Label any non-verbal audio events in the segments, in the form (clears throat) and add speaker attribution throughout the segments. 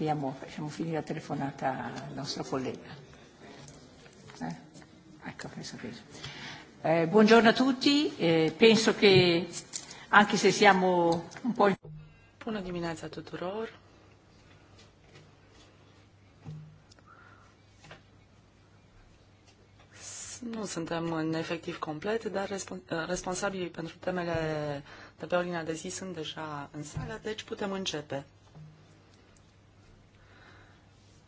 Speaker 1: Abbiamo, facciamo finire la telefonata al nostro collega. Eh? Ecco, penso che... Eh, buongiorno a tutti, eh, penso che anche se siamo un po'... Bună dimineața tuturor! nu suntem în efectiv complet, dar eh, responsabilii pentru temele de pe ordinea de zi sunt deja în sală, deci putem începe.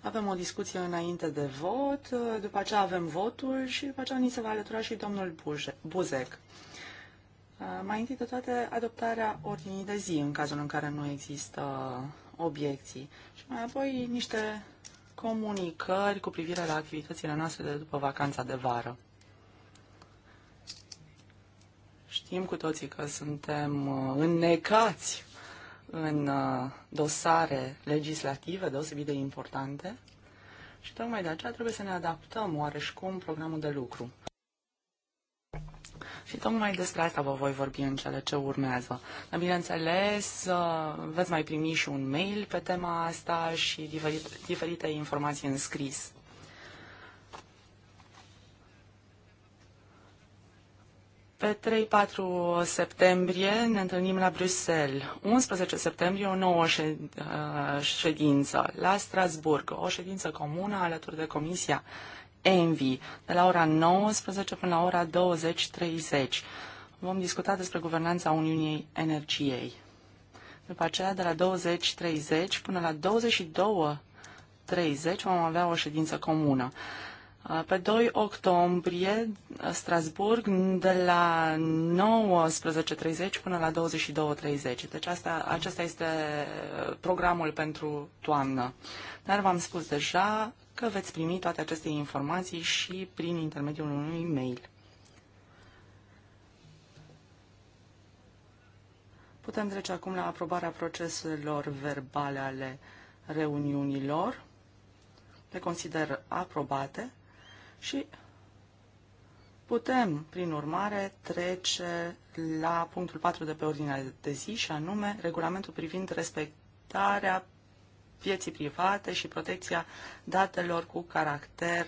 Speaker 1: Avem o discuție înainte de vot, după aceea avem votul și după aceea ni se va alătura și domnul Buzec. Uh, mai întâi de toate, adoptarea ordinii de zi, în cazul în care nu există obiecții. Și mai apoi niște comunicări cu privire la activitățile noastre de după vacanța de vară. Știm cu toții că suntem uh, înnecați în uh, dosare legislative deosebit de importante și tocmai de aceea trebuie să ne adaptăm oareși cum programul de lucru. Și tocmai despre asta vă voi vorbi în cele ce urmează. Dar bineînțeles, uh, veți mai primi și un mail pe tema asta și diferite, diferite informații în scris. Pe 3-4 septembrie ne întâlnim la Bruxelles, 11 septembrie o nouă uh, ședință la Strasburg, o ședință comună alături de Comisia ENVI, de la ora 19 până la ora 20.30. Vom discuta despre guvernanța Uniunii Energiei. După aceea, de la 20.30 până la 22.30 vom avea o ședință comună. Uh, pe 2 octombrie, uh, Strasburg, de la 19.30 până la 22.30. Deci asta, acesta este uh, programul pentru toamnă. Dar v-am spus deja că veți primi toate aceste informații și prin intermediul unui mail. Putem trece acum la aprobarea proceselor verbale ale reuniunilor. Le consider aprobate și putem, prin urmare, trece la punctul 4 de pe ordinea de zi și anume regulamentul privind respectarea vieții private și protecția datelor cu caracter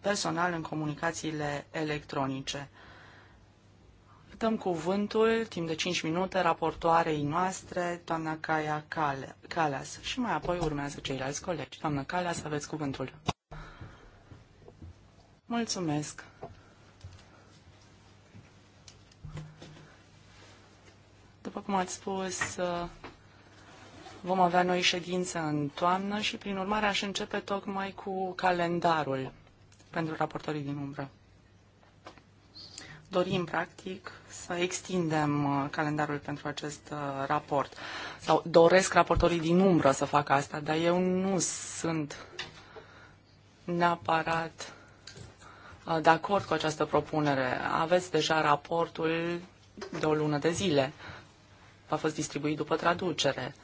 Speaker 1: personal în comunicațiile electronice. Dăm cuvântul, timp de 5 minute, raportoarei noastre, doamna Caia Caleas. Și mai apoi urmează ceilalți colegi. Doamna Caleas, aveți cuvântul. Mulțumesc. După cum ați spus, uh, vom avea noi ședințe în toamnă și, prin urmare, aș începe tocmai cu calendarul pentru raportorii din umbră. Dorim, practic, să extindem uh, calendarul pentru acest uh, raport. Sau doresc raportorii din umbră să facă asta, dar eu nu sunt neapărat de acord cu această propunere. Aveți deja raportul de o lună de zile. Va fost distribuit după traducere.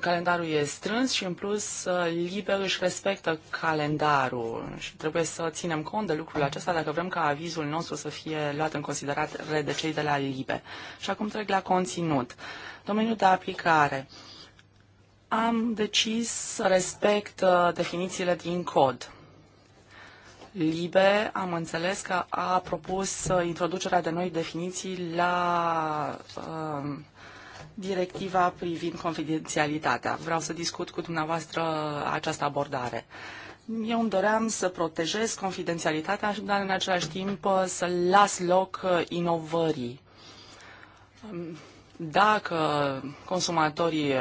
Speaker 1: Calendarul e strâns și, în plus, Liber își respectă calendarul și trebuie să ținem cont de lucrul acesta dacă vrem ca avizul nostru să fie luat în considerare de cei de la Libe. Și acum trec la conținut. Domeniul de aplicare am decis să respect definițiile din cod. LIBE am înțeles că a propus uh, introducerea de noi definiții la uh, directiva privind confidențialitatea. Vreau să discut cu dumneavoastră această abordare. Eu îmi doream să protejez confidențialitatea, dar în același timp uh, să las loc uh, inovării. Um, dacă consumatorii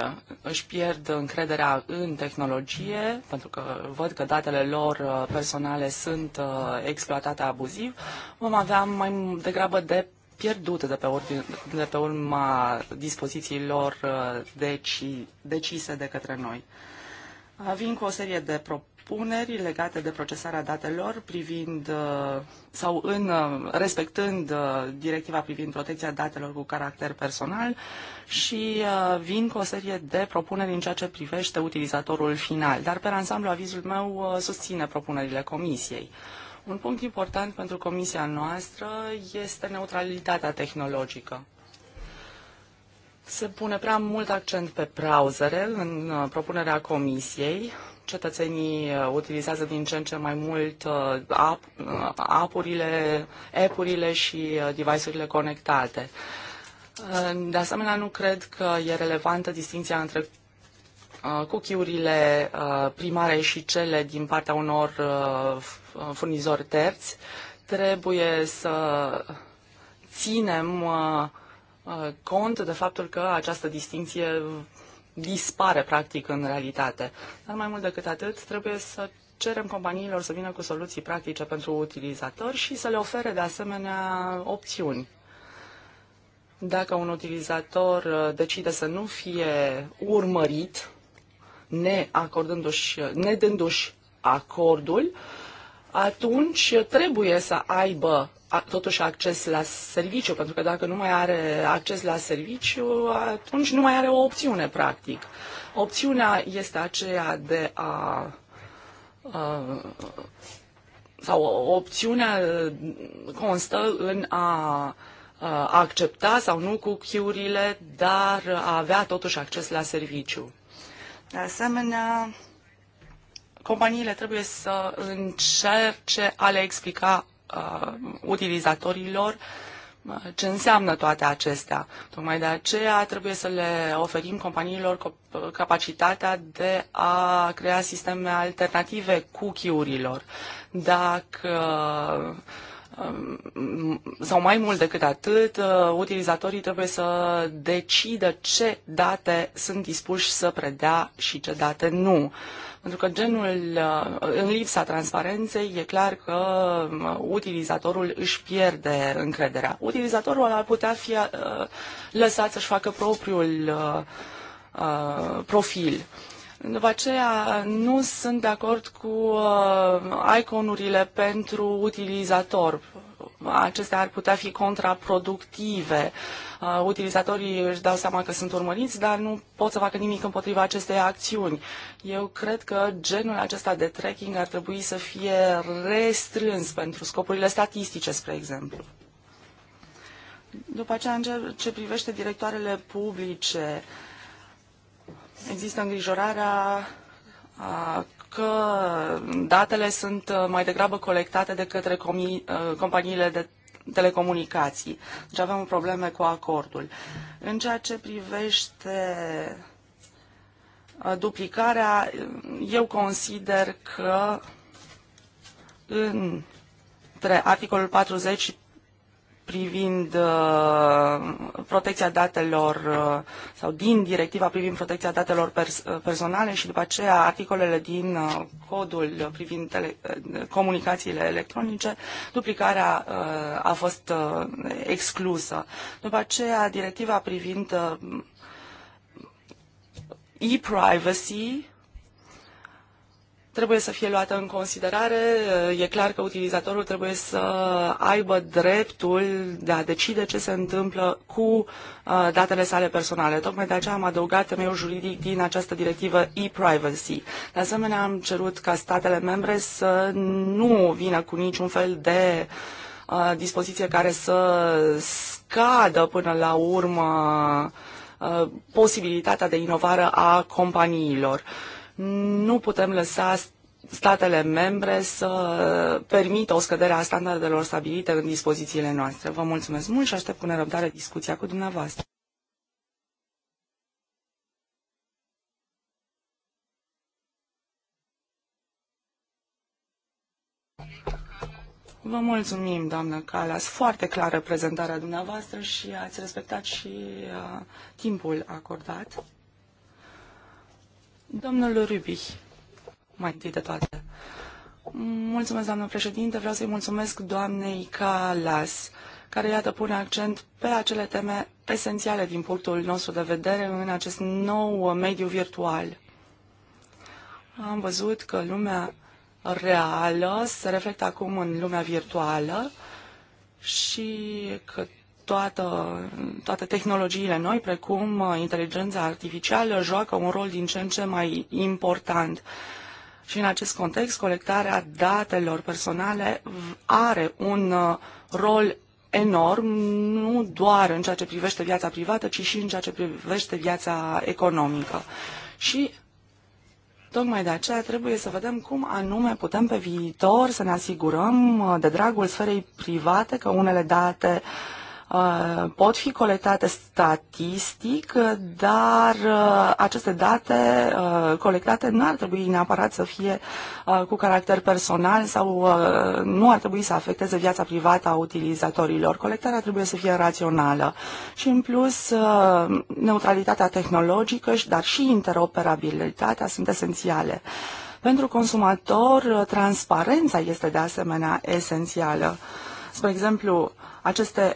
Speaker 1: își pierd încrederea în tehnologie, pentru că văd că datele lor uh, personale sunt uh, exploatate abuziv, vom avea mai degrabă de pierdute de pe, ordine, de pe urma dispozițiilor uh, deci, decise de către noi. Vin cu o serie de propuneri propuneri legate de procesarea datelor privind uh, sau în uh, respectând uh, directiva privind protecția datelor cu caracter personal și vin cu o serie de propuneri în ceea ce privește utilizatorul final. Dar pe ansamblu avizul meu susține propunerile comisiei. Un punct important pentru comisia noastră este neutralitatea tehnologică. Se pune prea mult accent pe browsere în propunerea comisiei, cetățenii uh, utilizează din ce în ce mai mult uh, uh, apurile, app-urile și device-urile conectate. De asemenea, nu cred că e relevantă distinția între cookie-urile primare și cele din partea unor furnizori terți. Trebuie să ținem cont de faptul că această distinție dispare practic în realitate. Dar mai mult decât atât, trebuie să cerem companiilor să vină cu soluții practice pentru utilizatori și să le ofere de asemenea opțiuni. Dacă un utilizator uh, decide să nu fie urmărit, ne și dându și acordul, atunci trebuie să aibă totuși acces la serviciu, pentru că dacă nu mai are acces la serviciu, atunci nu mai are o opțiune, practic. Opțiunea este aceea de a, a sau opțiunea uh, constă în a accepta sau nu cuchiurile, dar a avea totuși acces la serviciu. De asemenea, companiile trebuie să încerce a le explica uh, utilizatorilor uh, ce înseamnă toate acestea. Tocmai de aceea trebuie să le oferim companiilor uh, capacitatea de a crea sisteme alternative cookie-urilor. Dacă uh, um, sau mai mult decât atât, utilizatorii trebuie să decidă ce date sunt dispuși să predea și ce date nu. Uh, pentru că genul, uh, în lipsa transparenței, e clar că uh, utilizatorul își pierde încrederea. Utilizatorul ar putea fi uh, lăsat să-și facă propriul profil. După aceea, nu sunt de acord cu iconurile pentru utilizator acestea ar putea fi contraproductive. Uh, utilizatorii își dau seama că sunt urmăriți, dar nu pot să facă nimic împotriva acestei acțiuni. Eu cred că genul acesta de tracking ar trebui să fie restrâns pentru scopurile statistice, spre exemplu. După aceea, în ce privește directoarele publice, există îngrijorarea uh, că datele sunt uh, mai degrabă colectate de către uh, companiile de telecomunicații. Deci avem probleme cu acordul. În ceea ce privește uh, duplicarea, eu consider că între articolul 40 și privind uh, protecția datelor uh, sau din directiva privind protecția datelor uh, personale și după aceea articolele din codul privind tele, comunicațiile electronice, duplicarea a fost exclusă. După aceea directiva privind e-privacy trebuie să fie luată în considerare. E clar că utilizatorul trebuie să aibă dreptul de a decide ce se întâmplă cu uh, datele sale personale. Tocmai de aceea am adăugat temeiul juridic din această directivă e-privacy. De asemenea, am cerut ca statele membre să nu vină cu niciun fel de uh, dispoziție care să scadă până la urmă uh, posibilitatea de inovare a companiilor. Nu putem lăsa statele membre să permită o scădere a standardelor stabilite în dispozițiile noastre. Vă mulțumesc mult și aștept cu nerăbdare discuția cu dumneavoastră. Vă mulțumim, doamnă Calas. Foarte clară prezentarea dumneavoastră și ați respectat și uh, timpul acordat. Domnul Rubi, mai întâi de toate. Mulțumesc, doamnă președinte. Vreau să-i mulțumesc doamnei Calas, care, iată, pune accent pe acele teme esențiale din punctul nostru de vedere în acest nou mediu virtual. Am văzut că lumea reală se reflectă acum în lumea virtuală și că toată, toate tehnologiile noi, precum uh, inteligența artificială, joacă un rol din ce în ce mai important. Și în acest context, colectarea datelor personale are un uh, rol enorm, nu doar în ceea ce privește viața privată, ci și în ceea ce privește viața economică. Și Tocmai de aceea trebuie să vedem cum anume putem pe viitor să ne asigurăm uh, de dragul sferei private că unele date uh, Uh, pot fi colectate statistic, dar uh, aceste date uh, colectate nu ar trebui neapărat să fie cu caracter personal sau nu ar trebui să afecteze viața privată a utilizatorilor. Colectarea trebuie să fie rațională și, în plus, neutralitatea tehnologică, dar și interoperabilitatea sunt esențiale. Pentru consumator, transparența este de asemenea esențială. Spre exemplu, aceste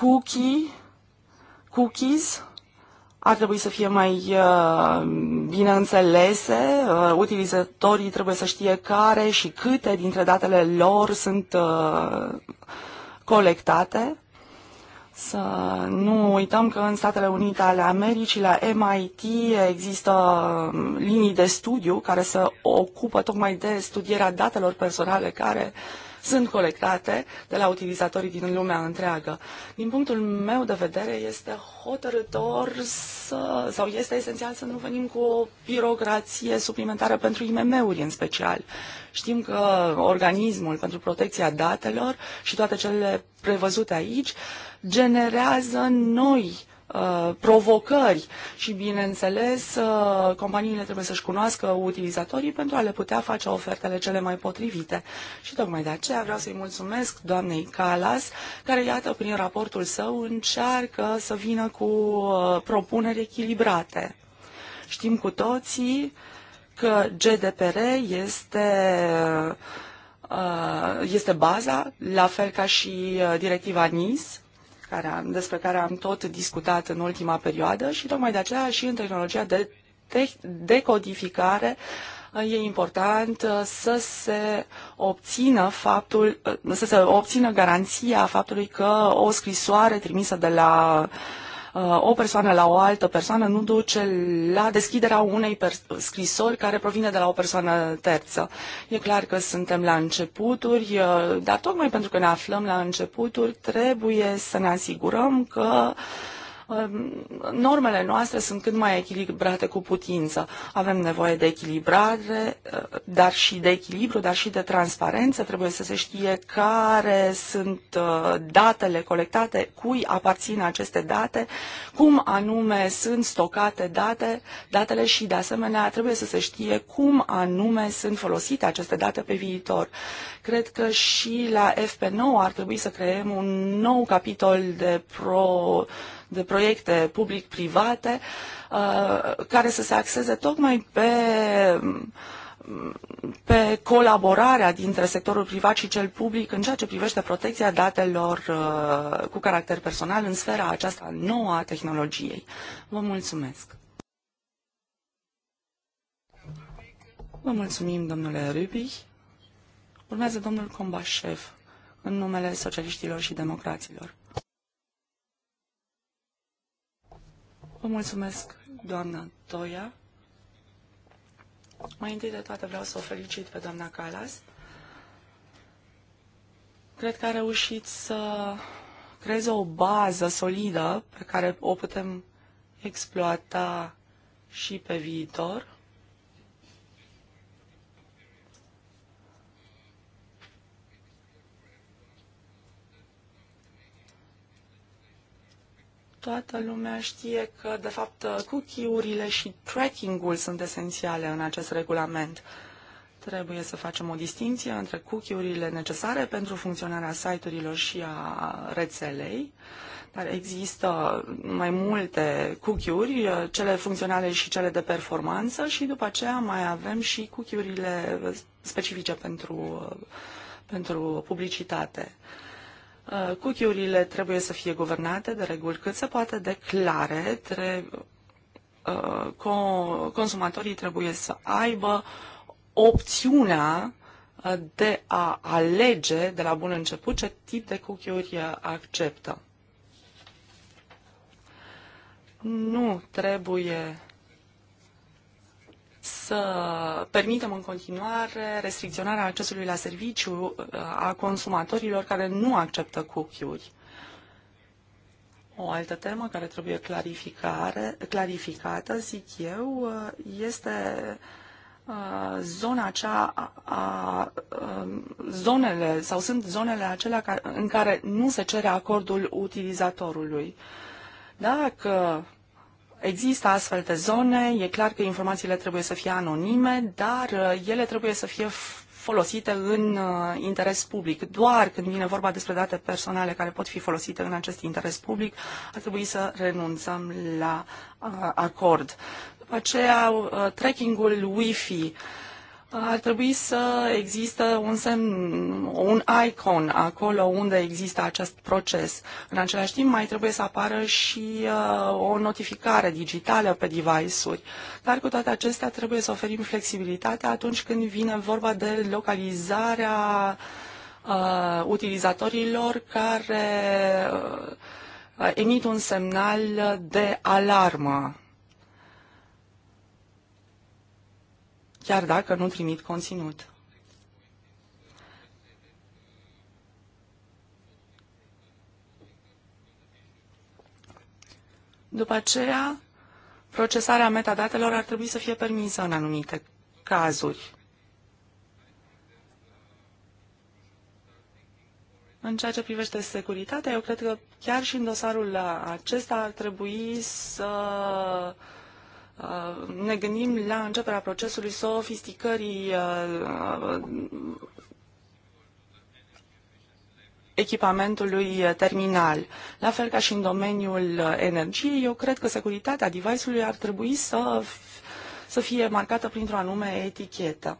Speaker 1: cookie, cookies ar trebui să fie mai uh, bine înțelese. Uh, utilizatorii trebuie să știe care și câte dintre datele lor sunt uh, colectate. Să nu uităm că în Statele Unite ale Americii, la MIT, există uh, linii de studiu care se ocupă tocmai de studierea datelor personale care sunt colectate de la utilizatorii din lumea întreagă. Din punctul meu de vedere, este hotărător să, sau este esențial să nu venim cu o birocrație suplimentară pentru IMM-uri în special. Știm că organismul pentru protecția datelor și toate cele prevăzute aici generează noi Uh, provocări și, bineînțeles, uh, companiile trebuie să-și cunoască utilizatorii pentru a le putea face ofertele cele mai potrivite. Și tocmai de aceea vreau să-i mulțumesc doamnei Calas, care, iată, prin raportul său încearcă să vină cu uh, propuneri echilibrate. Știm cu toții că GDPR este este baza, la fel ca și directiva NIS care am, despre care am tot discutat în ultima perioadă și tocmai de aceea și în tehnologia de decodificare uh, e important uh, să se obțină faptul, uh, să se obțină garanția faptului că o scrisoare trimisă de la uh, Uh, o persoană la o altă persoană nu duce la deschiderea unei scrisori care provine de la o persoană terță. E clar că suntem la începuturi, uh, dar tocmai pentru că ne aflăm la începuturi, trebuie să ne asigurăm că uh, Ehm, normele noastre sunt cât mai echilibrate cu putință. Avem nevoie de echilibrare, eh, dar și de echilibru, dar și de transparență. Trebuie să se știe care sunt eh, datele colectate, cui aparțin aceste date, cum anume sunt stocate date, datele și, de asemenea, trebuie să se știe cum anume sunt folosite aceste date pe viitor. Cred că și la FP9 ar trebui să creăm un nou capitol de, pro, de proiecte public-private uh, care să se axeze tocmai pe pe colaborarea dintre sectorul privat și cel public în ceea ce privește protecția datelor uh, cu caracter personal în sfera aceasta nouă a tehnologiei. Vă mulțumesc! Vă mulțumim, domnule Rubich! Urmează domnul Combașev în numele socialiștilor și democraților. Vă mulțumesc, doamna Toia. Mai întâi de toate vreau să o felicit pe doamna Calas. Cred că a reușit să creeze o bază solidă pe care o putem exploata și pe viitor. Toată lumea știe că, de fapt, cookie-urile și tracking-ul sunt esențiale în acest regulament. Trebuie să facem o distinție între cookie-urile necesare pentru funcționarea site-urilor și a rețelei, dar există mai multe cookie-uri, cele funcționale și cele de performanță și după aceea mai avem și cookie-urile specifice pentru, pentru publicitate. Uh, Uh, cookie-urile trebuie să fie guvernate de reguli cât se poate de clare. Tre- uh, consumatorii trebuie să aibă opțiunea uh, de a alege de la bun început ce tip de cookie-uri acceptă. Nu trebuie să permitem în continuare restricționarea accesului la serviciu uh, a consumatorilor care nu acceptă cookie-uri. O altă temă care trebuie clarificare, clarificată, zic eu, uh, este uh, zona acea a, a, um, zonele sau sunt zonele acelea ca, în care nu se cere acordul utilizatorului. Dacă Există astfel de zone, e clar că informațiile trebuie să fie anonime, dar uh, ele trebuie să fie folosite în uh, interes public. Doar când vine vorba despre date personale care pot fi folosite în acest interes public, ar trebui să renunțăm la uh, acord. După aceea, trackingul Wi-Fi ar trebui să există un semn, un icon acolo unde există acest proces. În același timp, mai trebuie să apară și uh, o notificare digitală pe device-uri. Dar cu toate acestea, trebuie să oferim flexibilitate atunci când vine vorba de localizarea uh, utilizatorilor care uh, emit un semnal de alarmă chiar dacă nu trimit conținut. După aceea, procesarea metadatelor ar trebui să fie permisă în anumite cazuri. În ceea ce privește securitatea, eu cred că chiar și în dosarul acesta ar trebui să uh, Uh, ne gândim la începerea procesului sofisticării uh, uh, echipamentului terminal. La fel ca și în domeniul energiei, eu cred că securitatea device-ului ar trebui să, să fie marcată printr-o anume etichetă.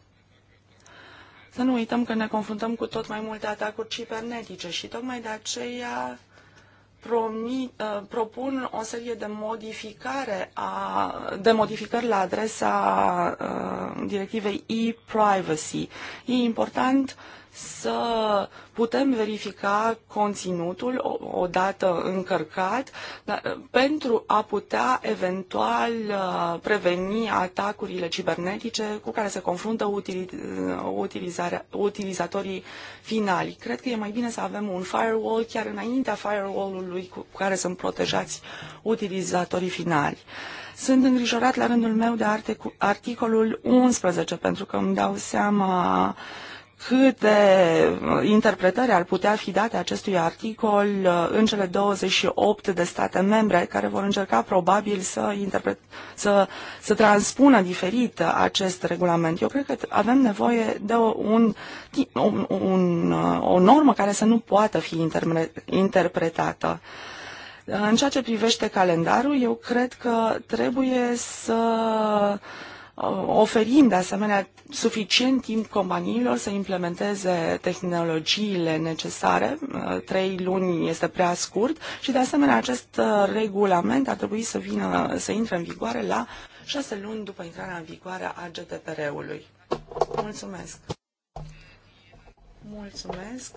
Speaker 1: Să nu uităm că ne confruntăm cu tot mai multe atacuri cibernetice și tocmai de aceea promi, uh, propun o serie de modificare a, de modificări la adresa uh, directivei e-privacy. E important uh, să putem verifica conținutul odată încărcat uh, pentru a putea eventual uh, preveni atacurile cibernetice cu care se confruntă uh, utilizatorii finali. Cred că e mai bine să avem un firewall chiar înaintea firewall-ului cu care sunt protejați utilizatorii finali. Sunt îngrijorat la rândul meu de articolul 11 pentru că îmi dau seama uh, câte uh, interpretări ar putea fi date acestui articol uh, în cele 28 de state membre care vor încerca probabil să, interpret, să, să transpună diferit acest regulament. Eu cred că avem nevoie de o, un, un, un, uh, o normă care să nu poată fi interpretată. În ceea ce privește calendarul, eu cred că trebuie să uh, Uh, oferim de asemenea suficient timp companiilor să implementeze tehnologiile necesare. Uh, trei luni este prea scurt și de asemenea acest uh, regulament ar trebui să vină, să intre în vigoare la șase luni după intrarea în vigoare a GDPR-ului. Mulțumesc! Mulțumesc!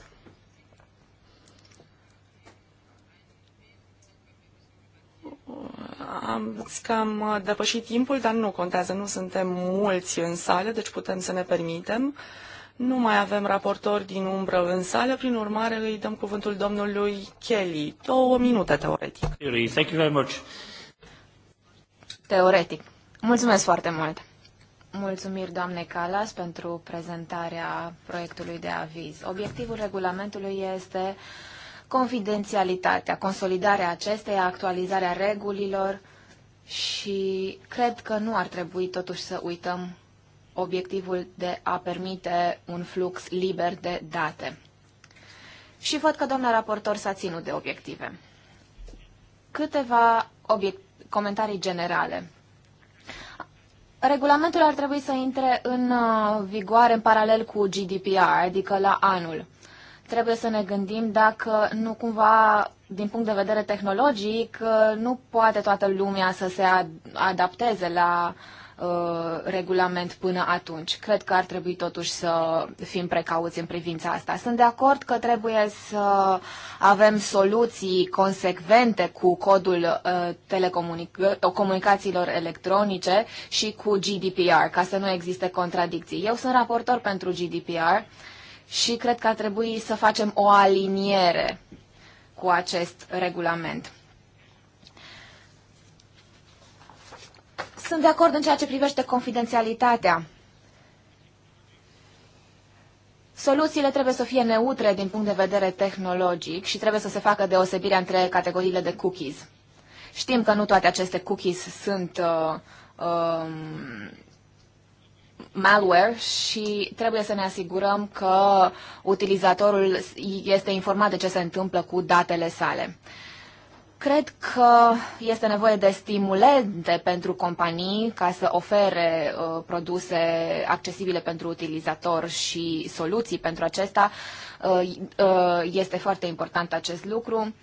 Speaker 1: Am cam uh, depășit timpul, dar nu contează, nu suntem mulți în sală, deci putem să ne permitem. Nu mai avem raportori din umbră în sală, prin urmare îi dăm cuvântul domnului Kelly. Două minute, teoretic.
Speaker 2: Thank you very much.
Speaker 3: Teoretic. Mulțumesc foarte mult. Mulțumiri, doamne Calas, pentru prezentarea proiectului de aviz. Obiectivul regulamentului este uh, confidențialitatea, consolidarea acesteia, actualizarea regulilor și cred că nu ar trebui totuși să uităm obiectivul de a permite un flux liber de date. Și văd că doamna raportor s-a ținut de obiective. Câteva obiect- comentarii generale. Regulamentul ar trebui să intre în uh, vigoare în paralel cu GDPR, adică la anul trebuie să ne gândim dacă nu cumva, din punct de vedere tehnologic, nu poate toată lumea să se adapteze la uh, regulament până atunci. Cred că ar trebui totuși să fim precauți în privința asta. Sunt de acord că trebuie să avem soluții consecvente cu codul uh, telecomunicațiilor electronice și cu GDPR, ca să nu existe contradicții. Eu sunt raportor pentru GDPR și cred că ar trebui să facem o aliniere cu acest regulament. Sunt de acord în ceea ce privește confidențialitatea. Soluțiile trebuie să fie neutre din punct de vedere tehnologic și trebuie să se facă deosebirea între categoriile de cookies. Știm că nu toate aceste cookies sunt uh, uh, malware și trebuie să ne asigurăm că utilizatorul este informat de ce se întâmplă cu datele sale. Cred că este nevoie de stimulente pentru companii ca să ofere uh, produse accesibile pentru utilizator și soluții pentru acesta. Uh, uh, este foarte important acest lucru.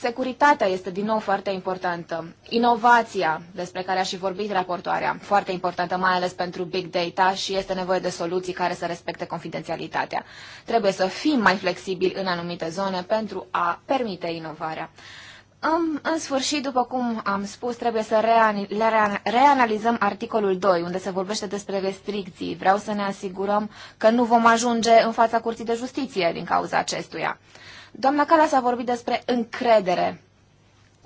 Speaker 3: Securitatea este din nou foarte importantă. Inovația, despre care a și vorbit raportoarea, foarte importantă, mai ales pentru big data și este nevoie de soluții care să respecte confidențialitatea. Trebuie să fim mai flexibili în anumite zone pentru a permite inovarea. În, în sfârșit, după cum am spus, trebuie să reanalizăm articolul 2, unde se vorbește despre restricții. Vreau să ne asigurăm că nu vom ajunge în fața Curții de Justiție din cauza acestuia. Doamna Calas a vorbit despre încredere,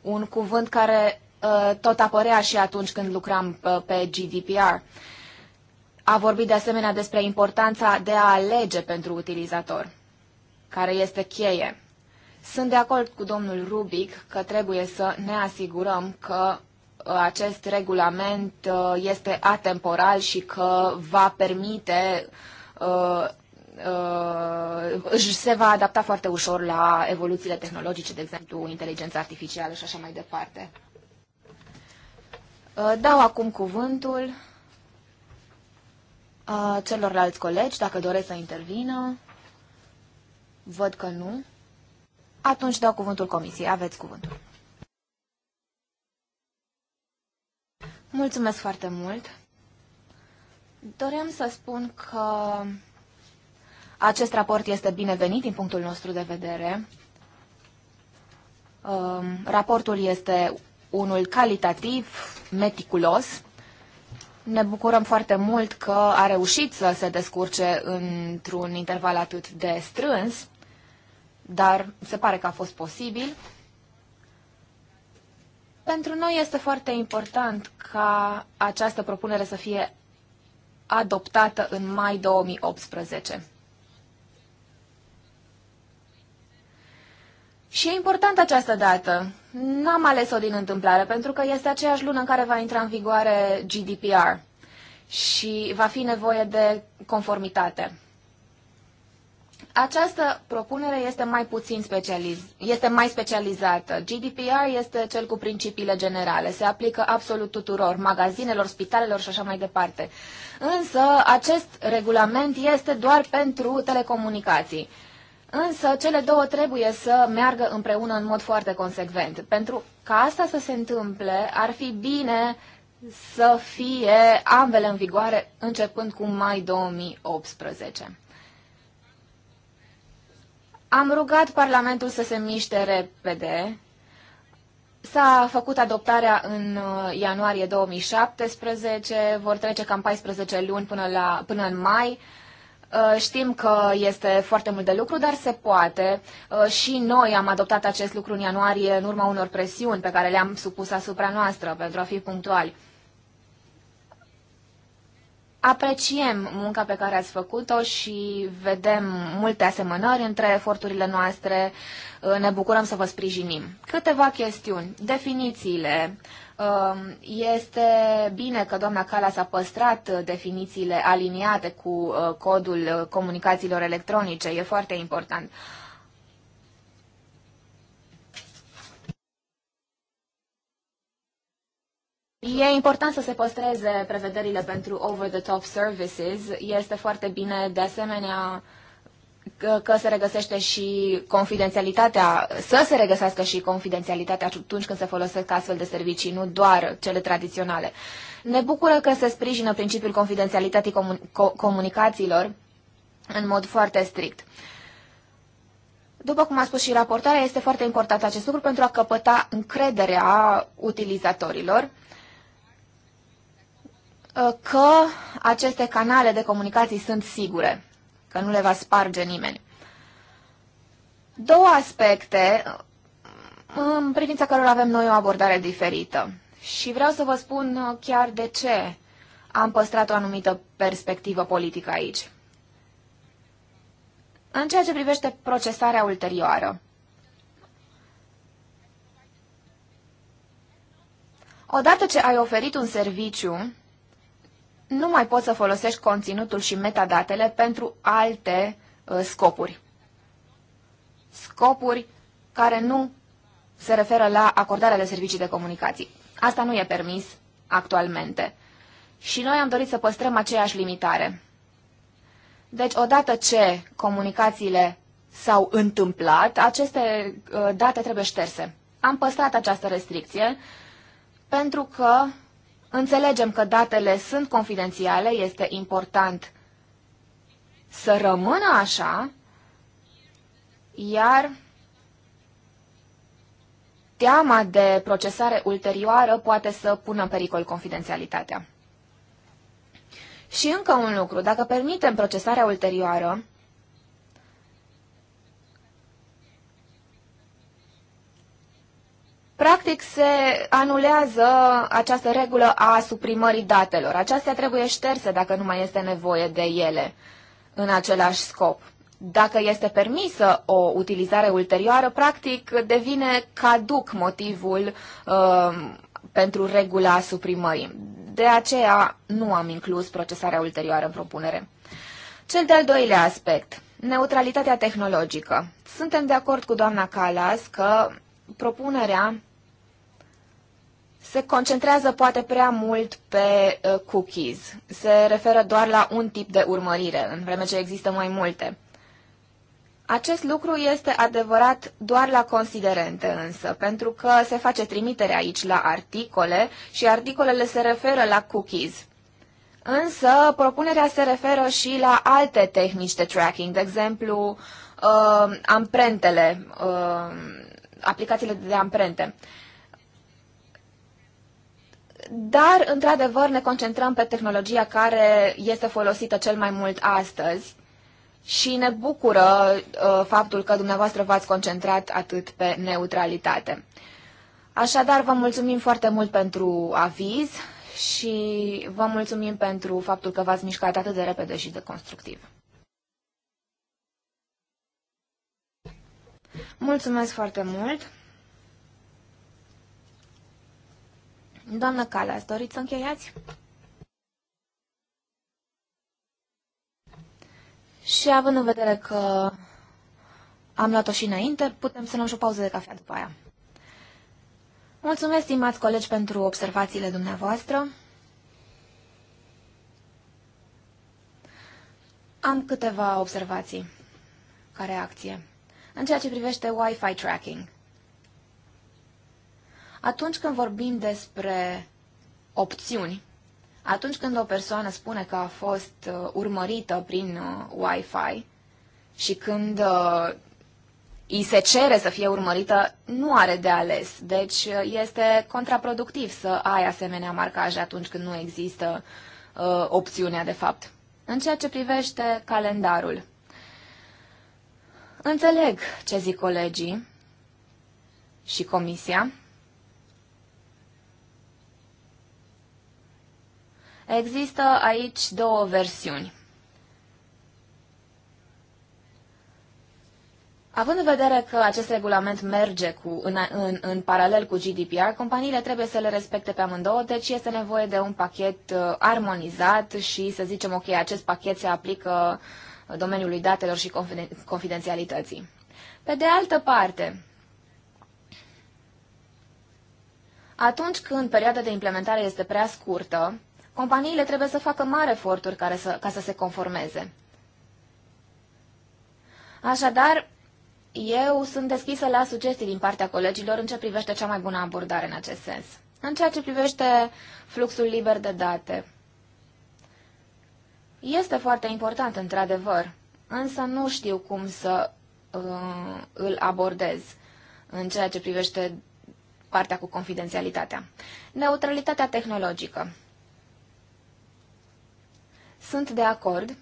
Speaker 3: un cuvânt care uh, tot apărea și atunci când lucram uh, pe, pe GDPR. A vorbit de asemenea despre importanța de a alege pentru utilizator, care este cheie. Sunt de acord cu domnul Rubic că trebuie să ne asigurăm că uh, acest regulament uh, este atemporal și că va permite Uh, se va adapta foarte ușor la evoluțiile tehnologice, de exemplu, inteligența artificială și așa mai departe. Uh, dau acum cuvântul uh, celorlalți colegi, dacă doresc să intervină. Văd că nu. Atunci dau cuvântul comisiei. Aveți cuvântul. Mulțumesc foarte mult. Doream să spun că acest raport este binevenit din punctul nostru de vedere. Um, raportul este unul calitativ, meticulos. Ne bucurăm foarte mult că a reușit să se descurce într-un interval atât de strâns, dar se pare că a fost posibil. Pentru noi este foarte important ca această propunere să fie adoptată în mai 2018. Și e importantă această dată. N-am ales-o din întâmplare, pentru că este aceeași lună în care va intra în vigoare GDPR și va fi nevoie de conformitate. Această propunere este mai puțin specializ, este mai specializată. GDPR este cel cu principiile generale, se aplică absolut tuturor, magazinelor, spitalelor și așa mai departe. Însă acest regulament este doar pentru telecomunicații. Însă cele două trebuie să meargă împreună în mod foarte consecvent. Pentru ca asta să se întâmple, ar fi bine să fie ambele în vigoare începând cu mai 2018. Am rugat Parlamentul să se miște repede. S-a făcut adoptarea în uh, ianuarie 2017, vor trece cam 14 luni până, la, până în mai. Uh, știm că este foarte mult de lucru, dar se poate. Uh, și noi am adoptat acest lucru în ianuarie în urma unor presiuni pe care le-am supus asupra noastră pentru a fi punctuali. Apreciem munca pe care ați făcut-o și vedem multe asemănări între eforturile noastre. Uh, ne bucurăm să vă sprijinim. Câteva chestiuni. Definițiile Um, este bine că doamna Calas a păstrat uh, definițiile aliniate cu uh, codul uh, comunicațiilor electronice. E foarte important. E important să se păstreze prevederile pentru over-the-top services. Este foarte bine, de asemenea, că, se regăsește și confidențialitatea, să se regăsească și confidențialitatea atunci când se folosesc astfel de servicii, nu doar cele tradiționale. Ne bucură că se sprijină principiul confidențialității comunicațiilor în mod foarte strict. După cum a spus și raportarea, este foarte important acest lucru pentru a căpăta încrederea utilizatorilor că aceste canale de comunicații sunt sigure că nu le va sparge nimeni. Două aspecte în privința cărora avem noi o abordare diferită. Și vreau să vă spun chiar de ce am păstrat o anumită perspectivă politică aici. În ceea ce privește procesarea ulterioară, odată ce ai oferit un serviciu, nu mai poți să folosești conținutul și metadatele pentru alte uh, scopuri. Scopuri care nu se referă la acordarea de servicii de comunicații. Asta nu e permis actualmente. Și noi am dorit să păstrăm aceeași limitare. Deci, odată ce comunicațiile s-au întâmplat, aceste uh, date trebuie șterse. Am păstrat această restricție pentru că Înțelegem că datele sunt confidențiale, este important să rămână așa, iar teama de procesare ulterioară poate să pună în pericol confidențialitatea. Și încă un lucru, dacă permitem procesarea ulterioară, practic se anulează această regulă a suprimării datelor. Acestea trebuie șterse dacă nu mai este nevoie de ele în același scop. Dacă este permisă o utilizare ulterioară, practic devine caduc motivul uh, pentru regula suprimării. De aceea nu am inclus procesarea ulterioară în propunere. Cel de-al doilea aspect, neutralitatea tehnologică. Suntem de acord cu doamna Calas că propunerea se concentrează poate prea mult pe uh, cookies. Se referă doar la un tip de urmărire, în vreme ce există mai multe. Acest lucru este adevărat doar la considerente însă, pentru că se face trimitere aici la articole și articolele se referă la cookies. Însă, propunerea se referă și la alte tehnici de tracking, de exemplu, uh, amprentele, uh, aplicațiile de amprente. Uh, dar, într-adevăr, ne concentrăm pe tehnologia care este folosită cel mai mult astăzi și ne bucură uh, faptul că dumneavoastră v-ați concentrat atât pe neutralitate. Așadar, vă mulțumim foarte mult pentru aviz și vă mulțumim pentru faptul că v-ați mișcat atât de repede și de constructiv. Mulțumesc foarte mult! Doamnă Calas, doriți să încheiați? Și având în vedere că am luat-o și înainte, putem să luăm și o pauză de cafea după aia. Mulțumesc, stimați colegi, pentru observațiile dumneavoastră. Am câteva observații ca reacție. În ceea ce privește Wi-Fi tracking – atunci când vorbim despre opțiuni, atunci când o persoană spune că a fost uh, urmărită prin uh, Wi-Fi și când uh, îi se cere să fie urmărită, nu are de ales. Deci este contraproductiv să ai asemenea marcaje atunci când nu există uh, opțiunea de fapt. În ceea ce privește calendarul, înțeleg ce zic colegii și comisia, Există aici două versiuni. Având în vedere că acest regulament merge cu, în, în, în paralel cu GDPR, companiile trebuie să le respecte pe amândouă, deci este nevoie de un pachet uh, armonizat și să zicem, ok, acest pachet se aplică uh, domeniului datelor și confiden confidențialității. Pe de altă parte, atunci când perioada de implementare este prea scurtă, companiile trebuie să facă mari eforturi care să, ca să se conformeze. Așadar, eu sunt deschisă la sugestii din partea colegilor în ce privește cea mai bună abordare în acest sens. În ceea ce privește fluxul liber de date, este foarte important, într-adevăr, însă nu știu cum să uh, îl abordez în ceea ce privește partea cu confidențialitatea. Neutralitatea tehnologică. Sunt de acord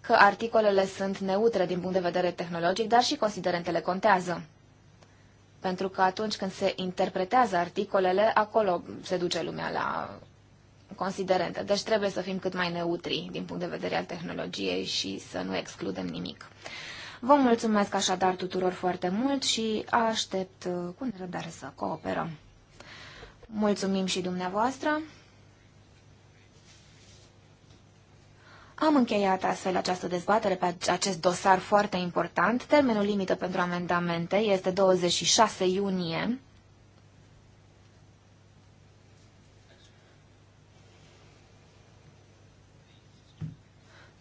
Speaker 3: că articolele sunt neutre din punct de vedere tehnologic, dar și considerentele contează. Pentru că atunci când se interpretează articolele, acolo se duce lumea la considerente. Deci trebuie să fim cât mai neutri din punct de vedere al tehnologiei și să nu excludem nimic. Vă mulțumesc așadar tuturor foarte mult și aștept uh, cu nerăbdare să cooperăm. Mulțumim și dumneavoastră. Am încheiat astfel această dezbatere pe acest dosar foarte important. Termenul limită pentru amendamente este 26 iunie.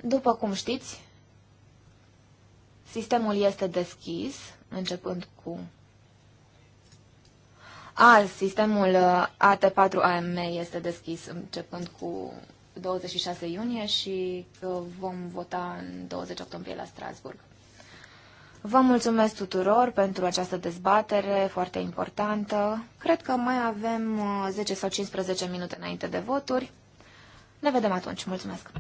Speaker 3: După cum știți, sistemul este deschis, începând cu azi, sistemul uh, AT4AM este deschis, începând cu 26 iunie și uh, vom vota în 20 octombrie la Strasburg. Vă mulțumesc tuturor pentru această dezbatere foarte importantă. Cred că mai avem 10 uh, sau 15 minute înainte de voturi. Ne vedem atunci. Mulțumesc!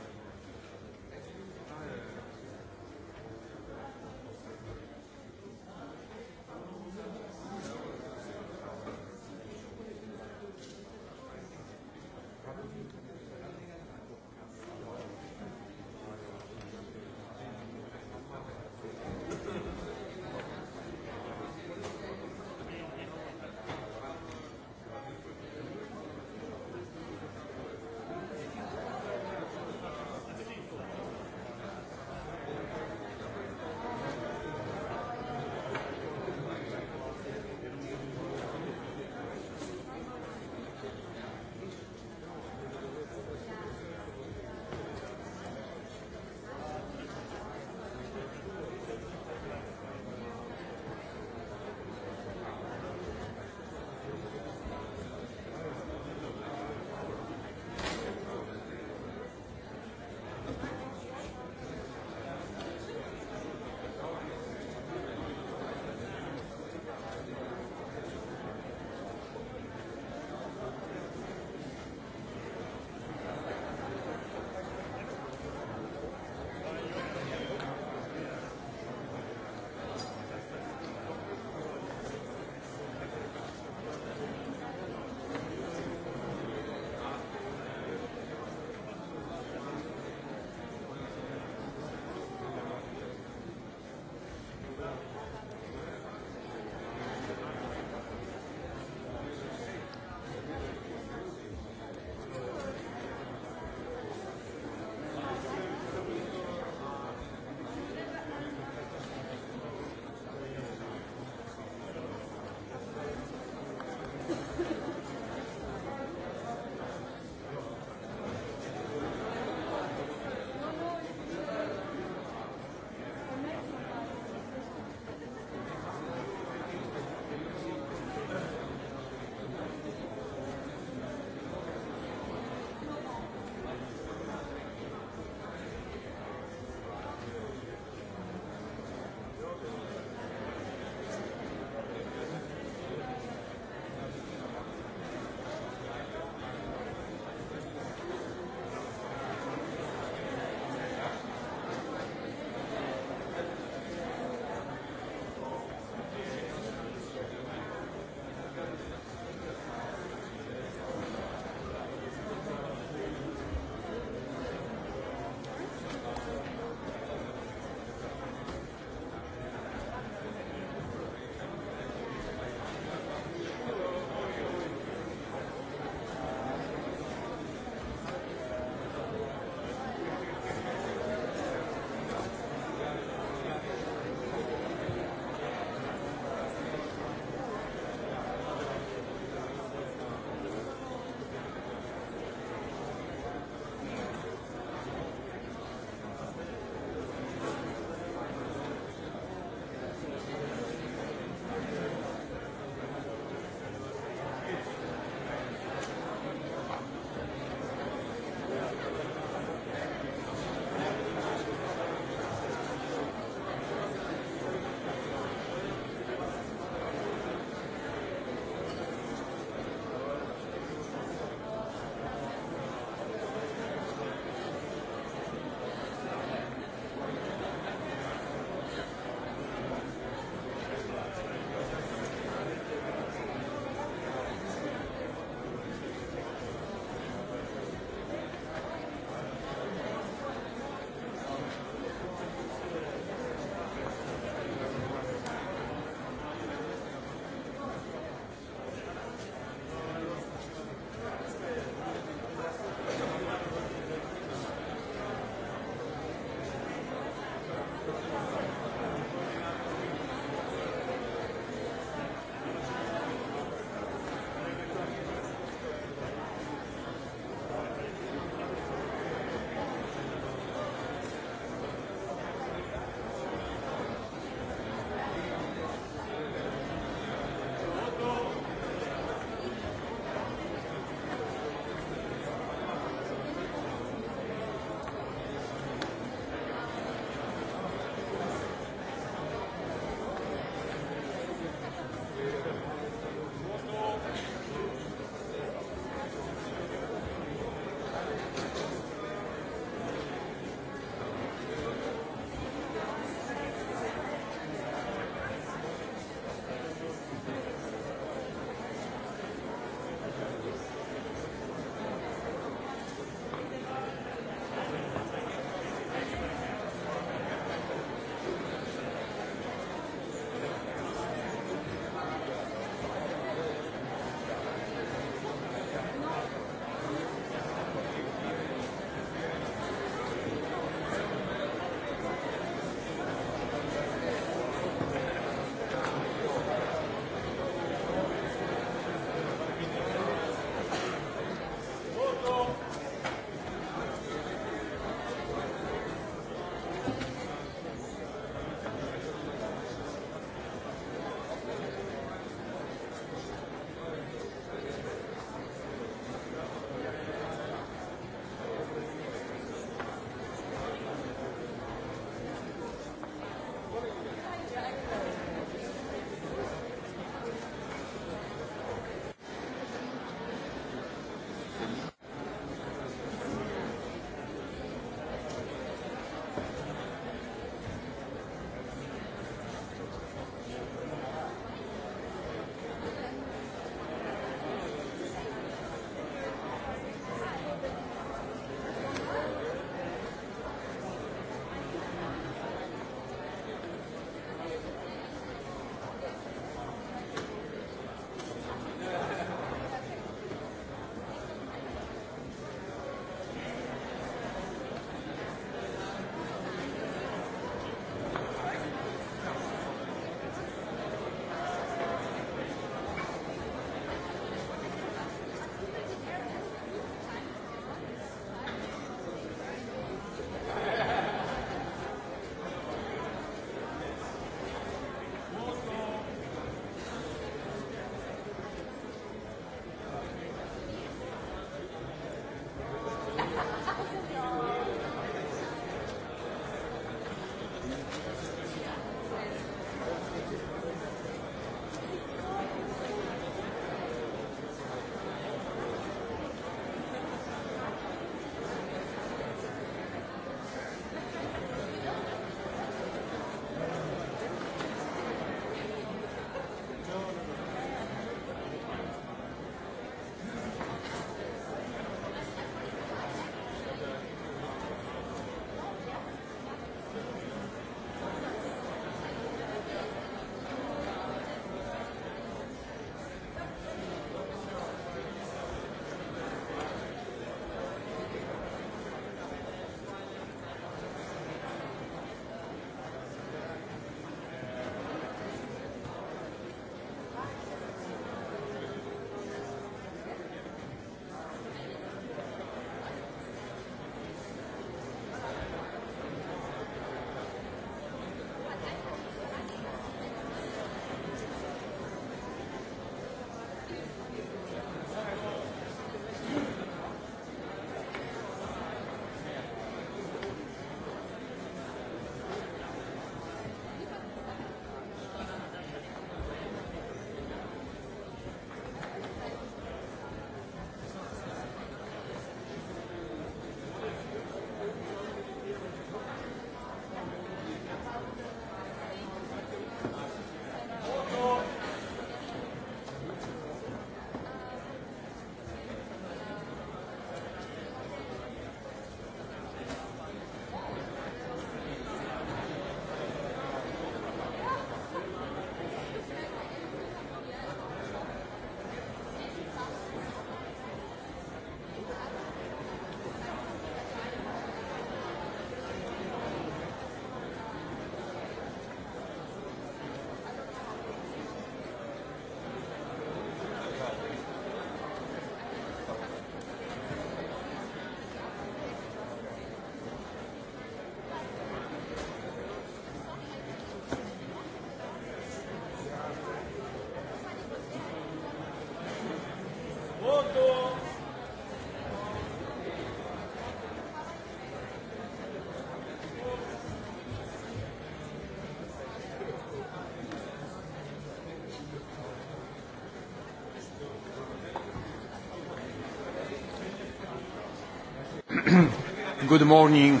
Speaker 2: Good morning,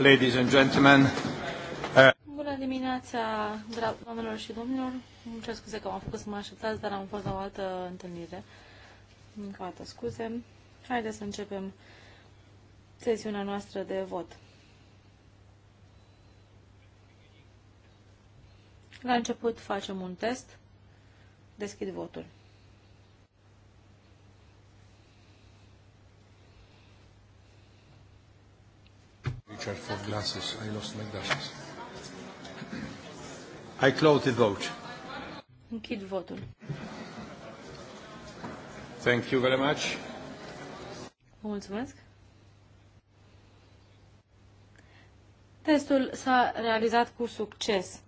Speaker 2: ladies and gentlemen. Uh, Bună dimineața, doamnelor și domnilor. Îmi cer scuze că m-am făcut să mă așteptați, dar am fost la o altă întâlnire. Încă o dată scuze. Haideți să începem sesiunea noastră de vot. La început facem un test. Deschid votul.
Speaker 1: search for glasses. I lost my glasses.
Speaker 2: (clears throat) I close the vote. Închid votul. Thank you very much. mulțumesc. Testul s-a realizat cu succes. I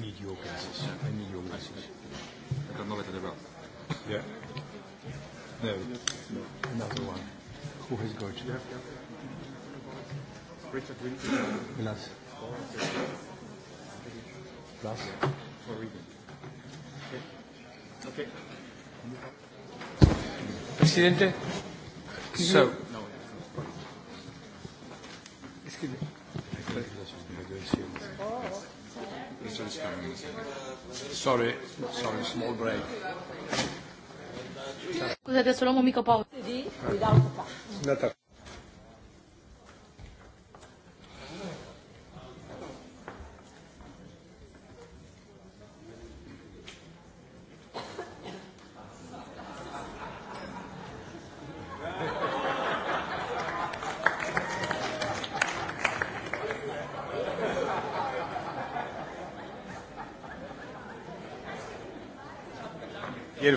Speaker 2: need
Speaker 1: your glasses. I need your glasses. I don't know whether they're Yeah.
Speaker 2: No, another one.
Speaker 3: Who has got?
Speaker 1: Richard Plus. Plus. For reading.
Speaker 2: Okay. Presidente.
Speaker 1: So. Excuse me.
Speaker 2: Sorry, sorry, small break. Scuze, să luăm o mică pauză. Da. da.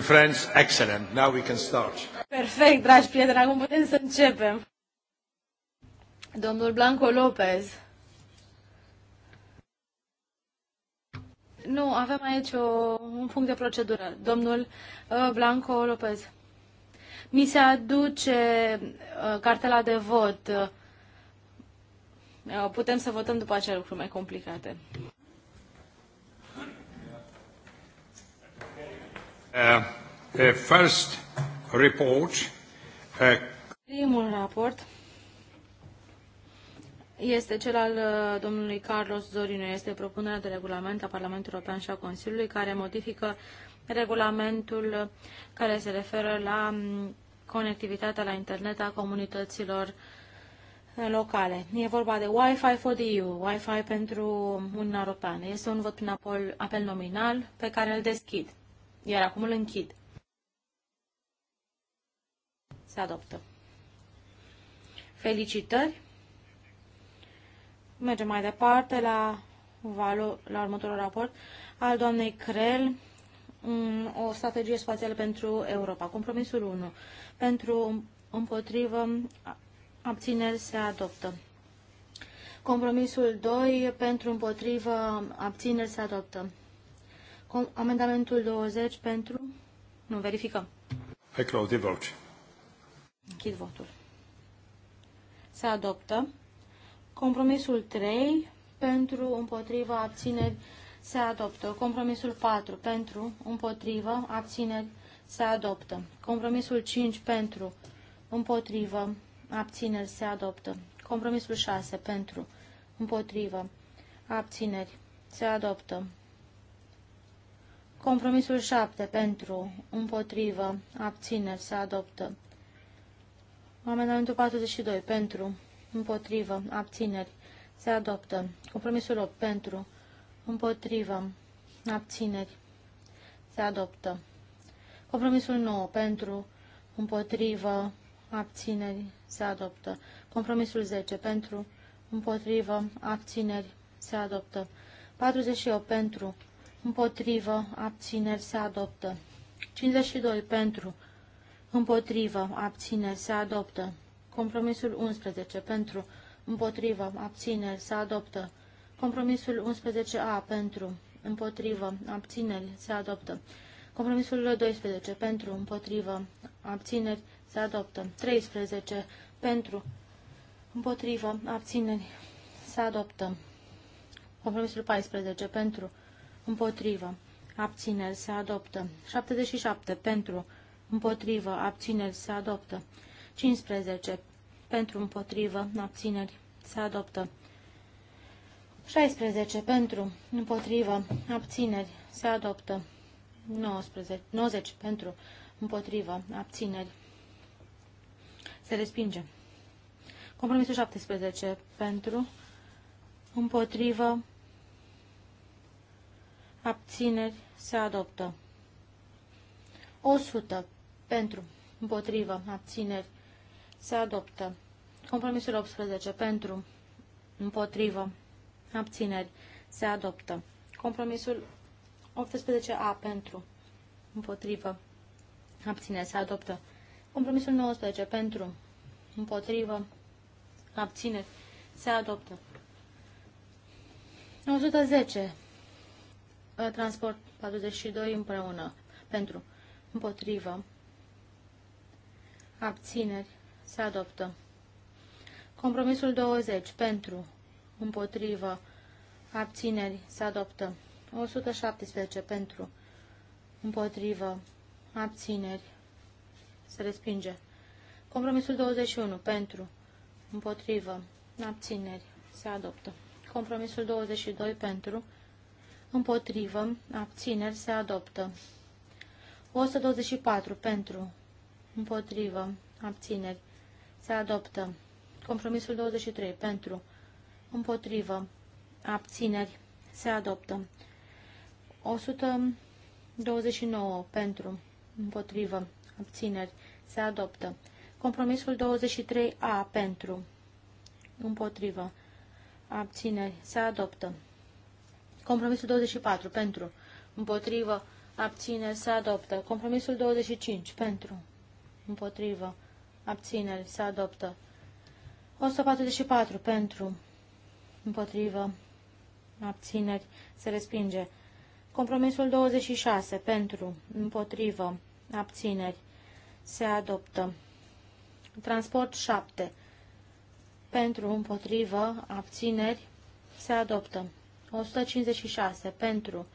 Speaker 1: friends, excellent. Now we can
Speaker 2: start. Perfect, dragi prieteni, acum putem să începem. Domnul Blanco Lopez. Nu, avem aici o, un punct de procedură. Domnul uh, Blanco Lopez. Mi se aduce uh, cartela de vot. Uh, putem să votăm după acele lucruri mai complicate. Uh, uh, first report. Uh... Primul raport este cel al uh, domnului Carlos Zorino. Este propunerea de regulament a Parlamentului European și a Consiliului care modifică regulamentul care se referă la mm, conectivitatea la internet a comunităților locale. E vorba de Wi-Fi for the EU, Wi-Fi pentru Uniunea Europeană. Este un vot prin apel, apel nominal pe care îl deschid. Iar acum îl închid. Se adoptă. Felicitări! Mergem mai departe la, valo, la următorul raport al doamnei Crel, o strategie spațială pentru Europa. Compromisul 1. Pentru împotrivă abțineri se adoptă. Compromisul 2. Pentru împotrivă abțineri se adoptă. Com amendamentul 20 pentru... Nu, verificăm. I close the vote. Închid votul. Se adoptă. Compromisul 3 pentru împotriva abțineri se adoptă. Compromisul 4 pentru împotriva abțineri se adoptă. Compromisul 5 pentru împotrivă abțineri se adoptă. Compromisul 6 pentru împotrivă abțineri se adoptă. Compromisul 7 pentru, împotrivă, abțineri se adoptă. Amendamentul 42 pentru, împotrivă, abțineri se adoptă. Compromisul 8 pentru, împotrivă, abțineri se adoptă. Compromisul 9 pentru, împotrivă, abțineri se adoptă. Compromisul 10 pentru, împotrivă, abțineri se adoptă. 48 pentru, împotrivă, abțineri, se adoptă. 52 pentru, împotrivă, abțineri, se adoptă. Compromisul 11 pentru, împotrivă, abțineri, se adoptă. Compromisul 11A pentru, împotrivă, abțineri, se adoptă. Compromisul 12 pentru, împotrivă, abțineri, se adoptă. 13 pentru, împotrivă, abțineri, se adoptă. Compromisul 14 pentru, împotrivă, abțineri, se adoptă. 77 pentru, împotrivă, abțineri, se adoptă. 15 pentru, împotrivă, abțineri, se adoptă. 16 pentru, împotrivă, abțineri, se adoptă. 19, 90 pentru, împotrivă, abțineri, se respinge. Compromisul 17 pentru, împotrivă, abțineri, se adoptă. 100 pentru, împotrivă, abțineri, se adoptă. Compromisul 18 pentru, împotrivă, abțineri, se adoptă. Compromisul 18A pentru, împotrivă, abțineri, se adoptă. Compromisul 19 pentru, împotrivă, abțineri, se adoptă. 110 Uh, transport 42 împreună. Pentru, împotrivă, abțineri, se adoptă. Compromisul 20, pentru, împotrivă, abțineri, se adoptă. 117, pentru, împotrivă, abțineri, se respinge. Compromisul 21, pentru, împotrivă, abțineri, se adoptă. Compromisul 22, pentru, împotrivă, abțineri, se adoptă. 124 pentru, împotrivă, abțineri, se adoptă. Compromisul 23 pentru, împotrivă, abțineri, se adoptă. 129 pentru, împotrivă, abțineri, se adoptă. Compromisul 23A pentru, împotrivă, abțineri, se adoptă. Compromisul 24 pentru. Împotrivă. Abțineri se adoptă. Compromisul 25 pentru. Împotrivă. Abțineri se adoptă. 144 pentru. Împotrivă. Abțineri se respinge. Compromisul 26 pentru. Împotrivă. Abțineri se adoptă. Transport 7 pentru. Împotrivă. Abțineri se adoptă. 156 pentru,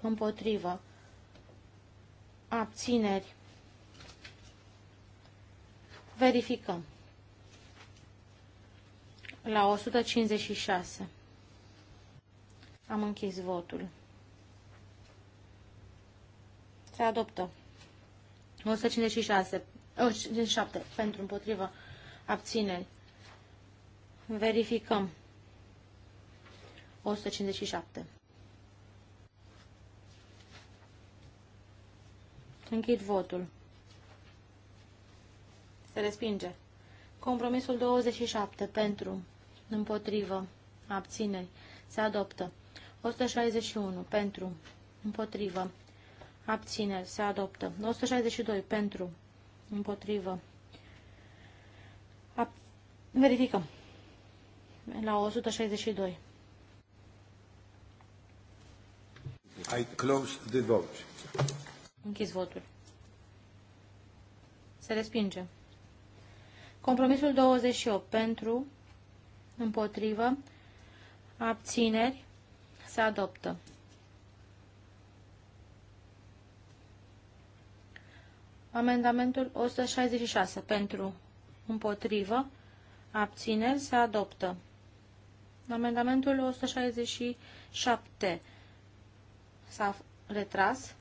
Speaker 2: împotrivă, abțineri. Verificăm. La 156. Am închis votul. Se adoptă. 156. 157 pentru împotrivă abțineri. Verificăm. 157. Închid votul. Se respinge. Compromisul 27. Pentru. Împotrivă. Abțineri. Se adoptă. 161. Pentru. Împotrivă. Abțineri. Se adoptă. 162. Pentru. Împotrivă. Ab... Verificăm. La 162. I close the vote. Închis votul. Se respinge. Compromisul 28 pentru, împotrivă, abțineri, se adoptă. Amendamentul 166 pentru, împotrivă, abțineri, se adoptă. Amendamentul 167 s-a retras.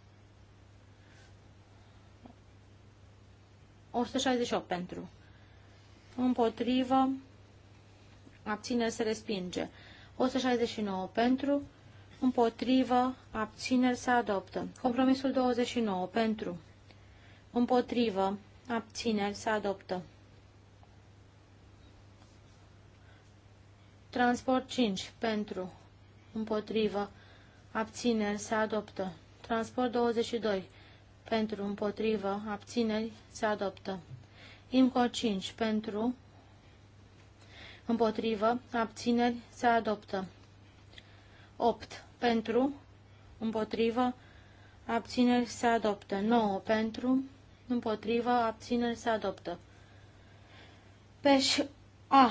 Speaker 2: 168 pentru. Împotrivă. Abțineri se respinge. 169 pentru. Împotrivă. Abțineri se adoptă. Compromisul 29 pentru. Împotrivă. Abțineri se adoptă. Transport 5 pentru. Împotrivă abțineri se adoptă. Transport 22 pentru împotrivă, abțineri se adoptă. IMCO 5 pentru împotrivă, abțineri se adoptă. 8 pentru împotrivă, abțineri se adoptă. 9 pentru împotrivă, abțineri se adoptă. Peș A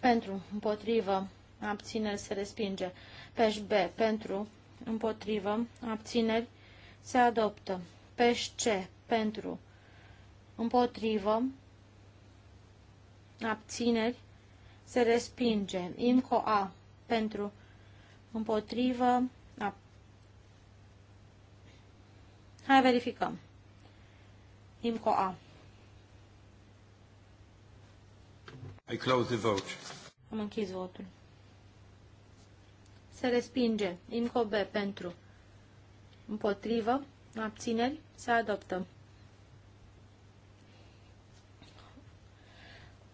Speaker 2: pentru împotrivă, abțineri se respinge. Peș B pentru împotrivă, abțineri, se adoptă. PSC, pentru, împotrivă, abțineri, se respinge. Imco A, pentru, împotrivă, ab... Hai verificăm. Imco A.
Speaker 1: I close the vote.
Speaker 2: Am închis votul se respinge. Imco B pentru, împotrivă, abțineri, se adoptă.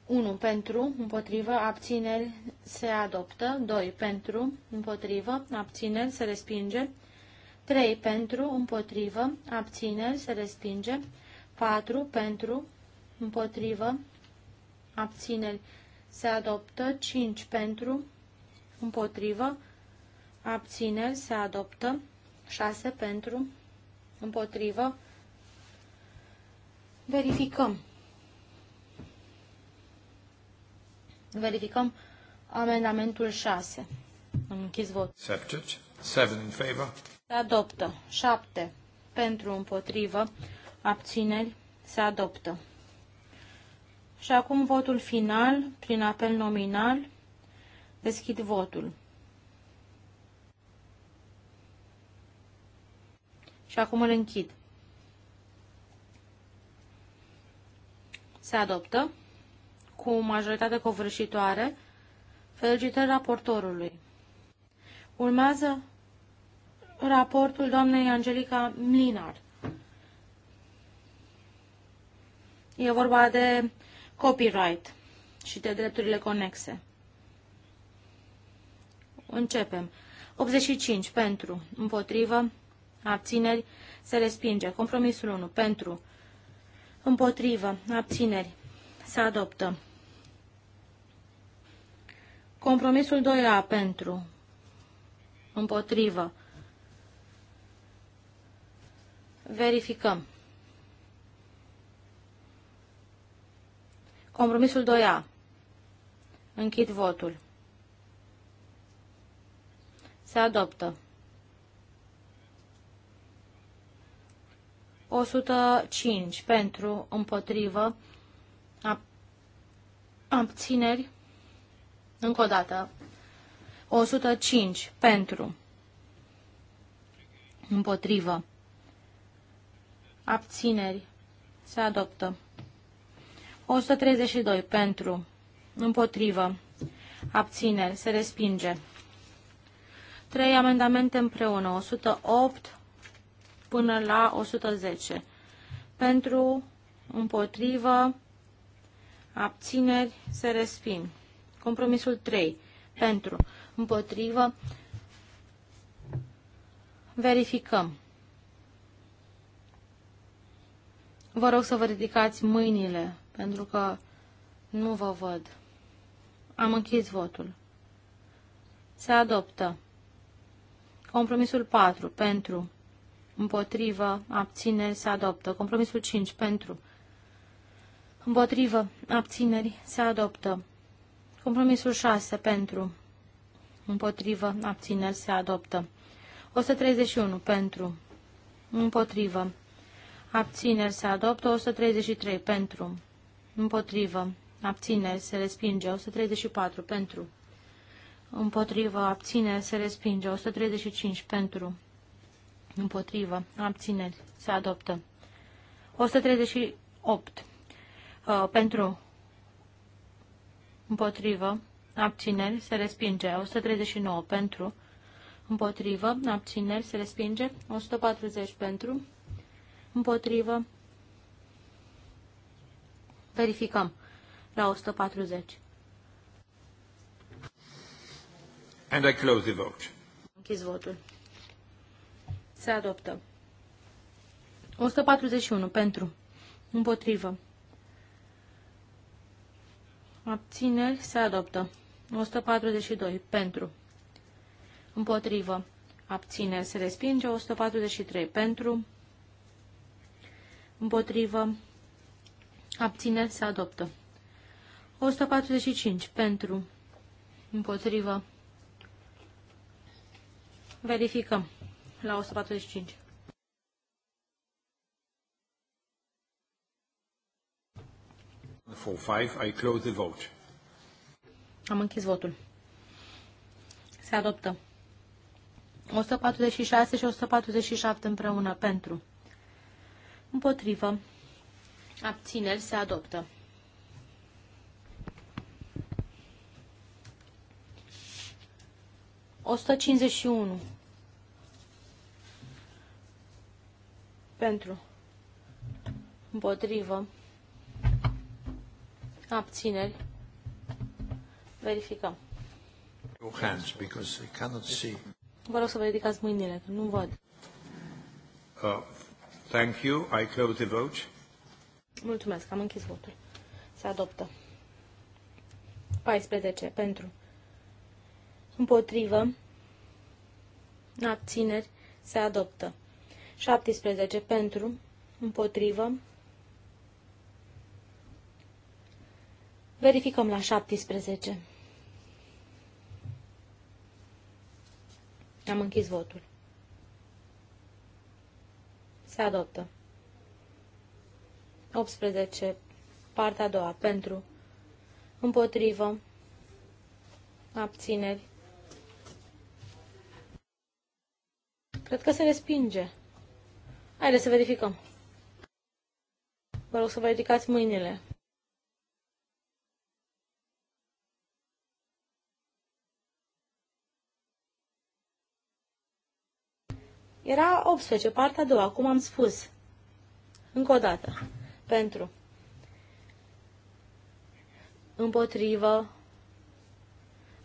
Speaker 2: 1. Pentru, împotrivă, abțineri, se adoptă. 2. Pentru, împotrivă, abțineri, se respinge. 3. Pentru, împotrivă, abțineri, se respinge. 4. Pentru, împotrivă, abțineri, se adoptă. 5. Pentru, împotrivă, abțineri se adoptă, 6 pentru, împotrivă, verificăm. Verificăm amendamentul 6. Am închis vot.
Speaker 3: Accepted. 7 in favor.
Speaker 2: Se adoptă. 7 pentru împotrivă. Abțineri. Se adoptă. Și acum votul final prin apel nominal. Deschid votul. Și acum îl închid. Se adoptă cu majoritate covârșitoare. Felicitări raportorului. Urmează raportul doamnei Angelica Mlinar. E vorba de copyright și de drepturile conexe. Începem. 85 pentru, împotrivă, abțineri, se respinge. Compromisul 1 pentru, împotrivă, abțineri, se adoptă. Compromisul 2A pentru, împotrivă, verificăm. Compromisul 2A. Închid votul. Se adoptă. 105 pentru, împotrivă, abțineri, încă o dată, 105 pentru, împotrivă, abțineri, se adoptă, 132 pentru, împotrivă, abțineri, se respinge. Trei amendamente împreună, 108, până la 110. Pentru, împotrivă, abțineri, se resping. Compromisul 3. Pentru, împotrivă, verificăm. Vă rog să vă ridicați mâinile, pentru că nu vă văd. Am închis votul. Se adoptă. Compromisul 4. Pentru împotrivă, abțineri, se adoptă. Compromisul 5, pentru, împotrivă, abțineri, se adoptă. Compromisul 6, pentru, împotrivă, abțineri, se adoptă. 131, pentru, împotrivă, abțineri, se adoptă. 133, pentru, împotrivă, abțineri, se respinge. 134, pentru, împotrivă, abțineri, se respinge. 135, pentru, împotrivă, abțineri, se adoptă. 138 uh, pentru, împotrivă, abțineri, se respinge. 139 pentru, împotrivă, abțineri, se respinge. 140 pentru, împotrivă, verificăm la 140. And I close the vote. Închis votul. Se adoptă. 141. Pentru. Împotrivă. Abțineri. Se adoptă. 142. Pentru. Împotrivă. Abțineri. Se respinge. 143. Pentru. Împotrivă. Abțineri. Se adoptă. 145. Pentru. Împotrivă. Verificăm la 145. For five, I close the vote. Am închis votul. Se adoptă. 146 și 147 împreună pentru. Împotrivă. Abțineri se adoptă. O 151 Pentru. Împotrivă. Abțineri. Verificăm. Vă rog să vă ridicați mâinile, că nu văd. Uh, thank you. I close the vote. Mulțumesc, am închis votul. Se adoptă. 14 pentru. Împotrivă. Abțineri. Se adoptă. 17 pentru, împotrivă. Verificăm la 17. Am închis votul. Se adoptă. 18. Partea a doua. Pentru. Împotrivă. Abțineri. Cred că se respinge. Haideți să verificăm. Vă rog să vă ridicați mâinile. Era 18, partea a doua, cum am spus. Încă o dată. Pentru. Împotrivă.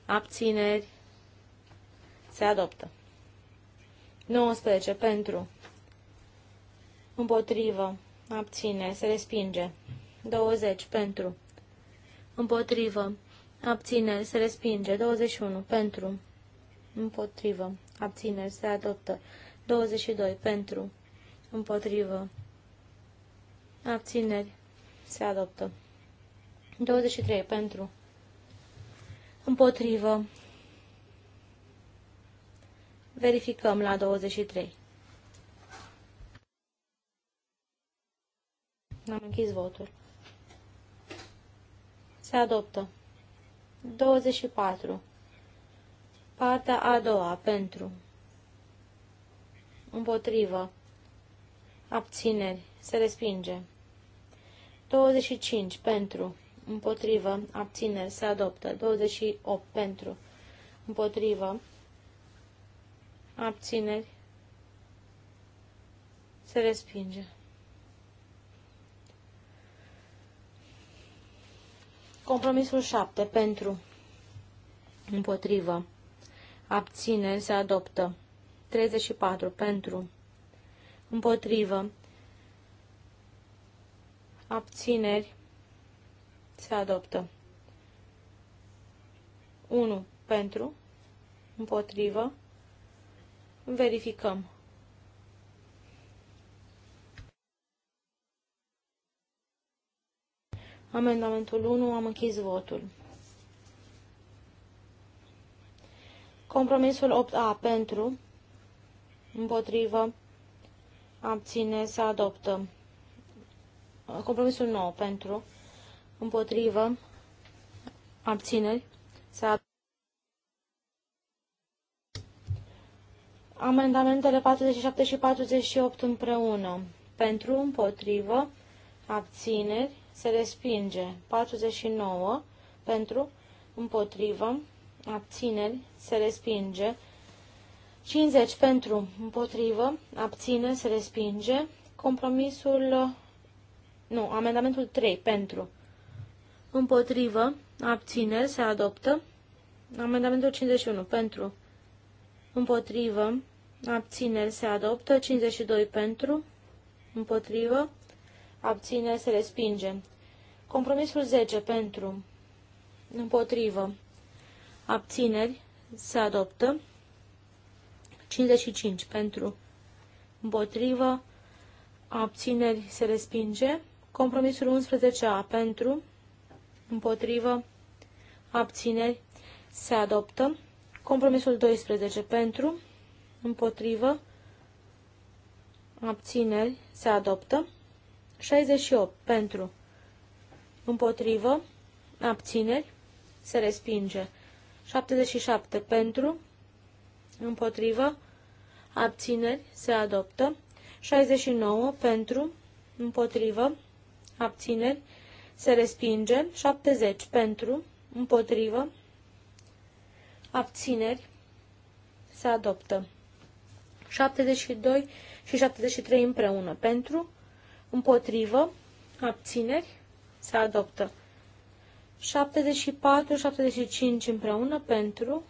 Speaker 2: Abțineri. Se adoptă. 19. Pentru împotrivă, abține, se respinge. 20 pentru, împotrivă, abține, se respinge. 21 pentru, împotrivă, abține, se adoptă. 22 pentru, împotrivă, abțineri, se adoptă. 23 pentru, împotrivă, verificăm la 23. Am închis votul. Se adoptă. 24. Partea a doua. Pentru. Împotrivă. Abțineri. Se respinge. 25. Pentru. Împotrivă. Abțineri. Se adoptă. 28. Pentru. Împotrivă. Abțineri. Se respinge. Compromisul 7. Pentru. Împotrivă. Abține. se adoptă. 34. Pentru. Împotrivă. Abțineri se adoptă. 1. Pentru. Împotrivă. Verificăm. Amendamentul 1, am închis votul. Compromisul 8A pentru, împotrivă, abține, Să adoptă. Compromisul 9 pentru, împotrivă, abțineri, Să adoptă. Amendamentele 47 și 48 împreună. Pentru, împotrivă, abțineri, se respinge. 49 pentru, împotrivă, abțineri, se respinge. 50 pentru, împotrivă, abține se respinge. Compromisul, nu, amendamentul 3 pentru, împotrivă, abțineri, se adoptă. Amendamentul 51 pentru, împotrivă, abțineri, se adoptă. 52 pentru, împotrivă, abține se respinge. Compromisul 10 pentru, împotrivă, abțineri, se adoptă. 55 pentru, împotrivă, abțineri, se respinge. Compromisul 11A pentru, împotrivă, abțineri, se adoptă. Compromisul 12 pentru, împotrivă, abțineri, se adoptă. 68 pentru, împotrivă, abțineri, se respinge. 77 pentru, împotrivă, abțineri, se adoptă. 69 pentru, împotrivă, abțineri, se respinge. 70 pentru, împotrivă, abțineri, se adoptă. 72 și 73 împreună pentru, împotrivă, abțineri, se adoptă. 74-75 împreună pentru,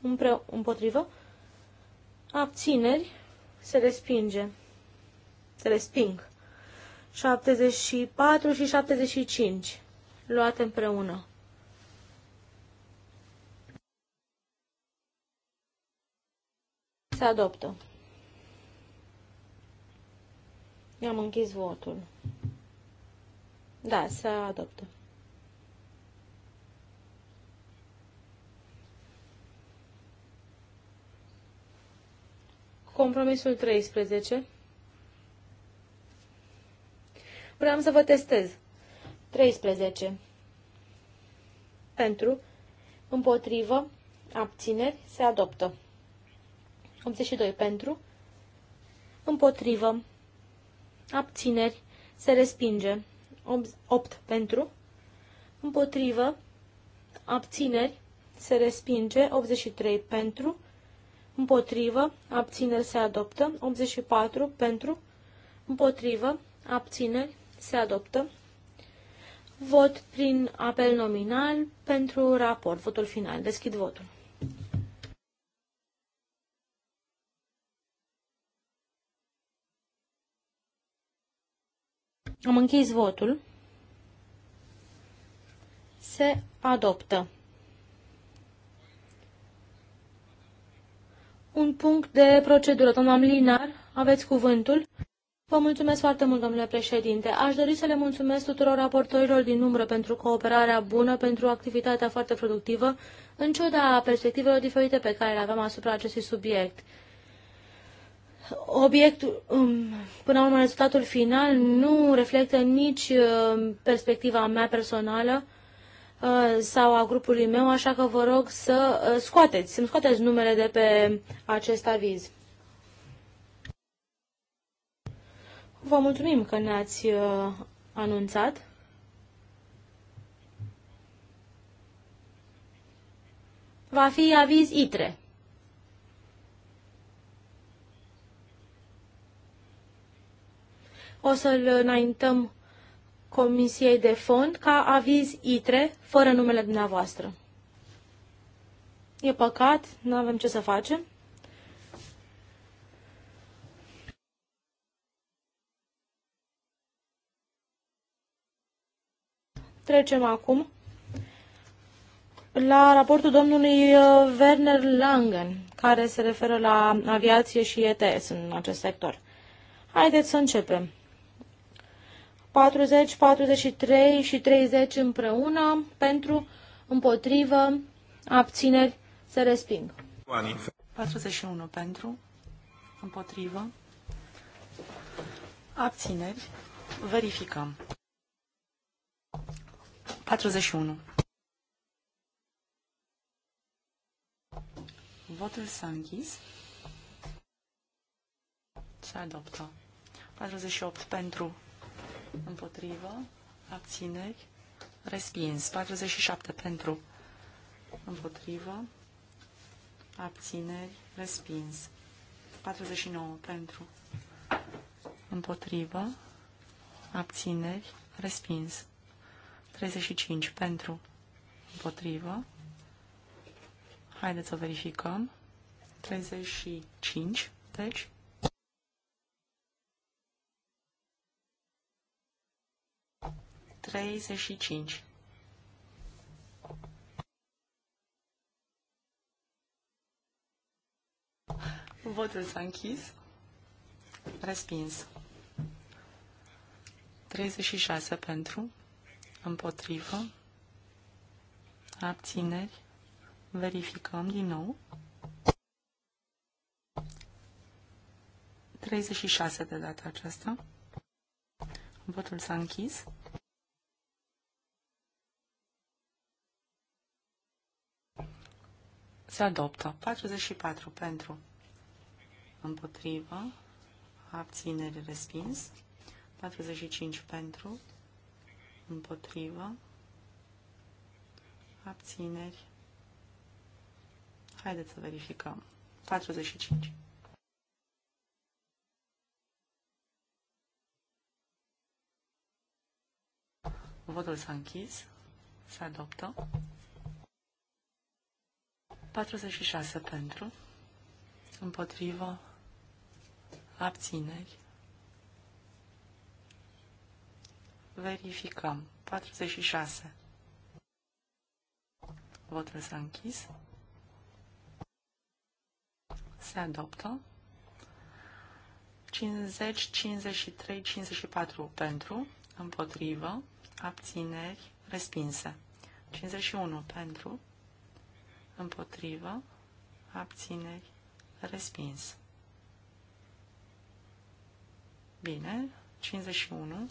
Speaker 2: împre, împotrivă, abțineri, se respinge, se resping. 74 și 75 luate împreună. Se adoptă. Am închis votul. Da, se adoptă. Compromisul 13. Vreau să vă testez. 13. Pentru, împotrivă, abțineri, se adoptă. 82. Pentru, împotrivă, abțineri, se respinge. 8 pentru, împotrivă, abțineri, se respinge. 83 pentru, împotrivă, abțineri, se adoptă. 84 pentru, împotrivă, abțineri, se adoptă. Vot prin apel nominal pentru raport, votul final. Deschid votul. Am închis votul. Se adoptă. Un punct de procedură. Doamna Linar, aveți cuvântul. Vă mulțumesc foarte mult, domnule președinte. Aș dori să le mulțumesc tuturor raportorilor din umbră pentru cooperarea bună, pentru activitatea foarte productivă, în ciuda perspectivelor diferite pe care le aveam asupra acestui subiect obiectul, um, până la urmă, rezultatul final nu reflectă nici uh, perspectiva mea personală uh, sau a grupului meu, așa că vă rog să uh, scoateți, să-mi scoateți numele de pe acest aviz. Vă mulțumim că ne-ați anunțat. Va fi aviz ITRE. o să-l înaintăm Comisiei de Fond ca aviz ITRE, fără numele dumneavoastră. E păcat, nu avem ce să facem. Trecem acum la raportul domnului uh, Werner Langen, care se referă la aviație și ETS în acest sector. Haideți să începem. 40, 43 și 30 împreună pentru, împotrivă, abțineri, se resping. 41 pentru, împotrivă,
Speaker 1: abțineri, verificăm. 41. Votul s-a închis. Se adoptă. 48 pentru, Împotrivă. Abțineri. Respins. 47 pentru. Împotrivă. Abțineri. Respins. 49 pentru. Împotrivă. Abțineri. Respins. 35 pentru. Împotrivă. Haideți să verificăm. 35. Deci. 35. Votul s-a închis. Respins. 36 pentru, împotrivă, abțineri, verificăm din nou. 36 de data aceasta. Votul s-a închis. se adoptă. 44 pentru, împotrivă, abținere respins. 45 pentru, împotrivă, abțineri. Haideți să verificăm. 45. Votul s-a închis. Se adoptă. 46 pentru, împotrivă, abțineri. Verificăm. 46. Votul s-a închis. Se adoptă. 50, 53, 54 pentru, împotrivă, abțineri, respinse. 51 pentru, împotrivă, abțineri, respins. Bine, 51.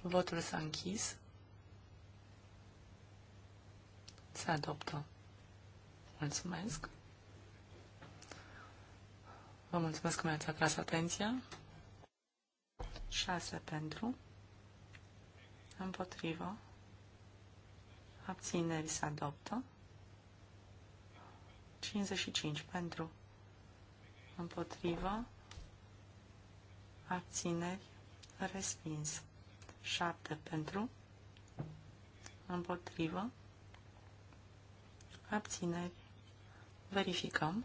Speaker 1: Votul s-a închis. Se adoptă. Mulțumesc. Vă mulțumesc că mi-ați atras atenția. 6 pentru împotrivă, abțineri se adoptă, 55 pentru, împotrivă, abțineri, respins, 7 pentru, împotrivă, abțineri,
Speaker 2: verificăm,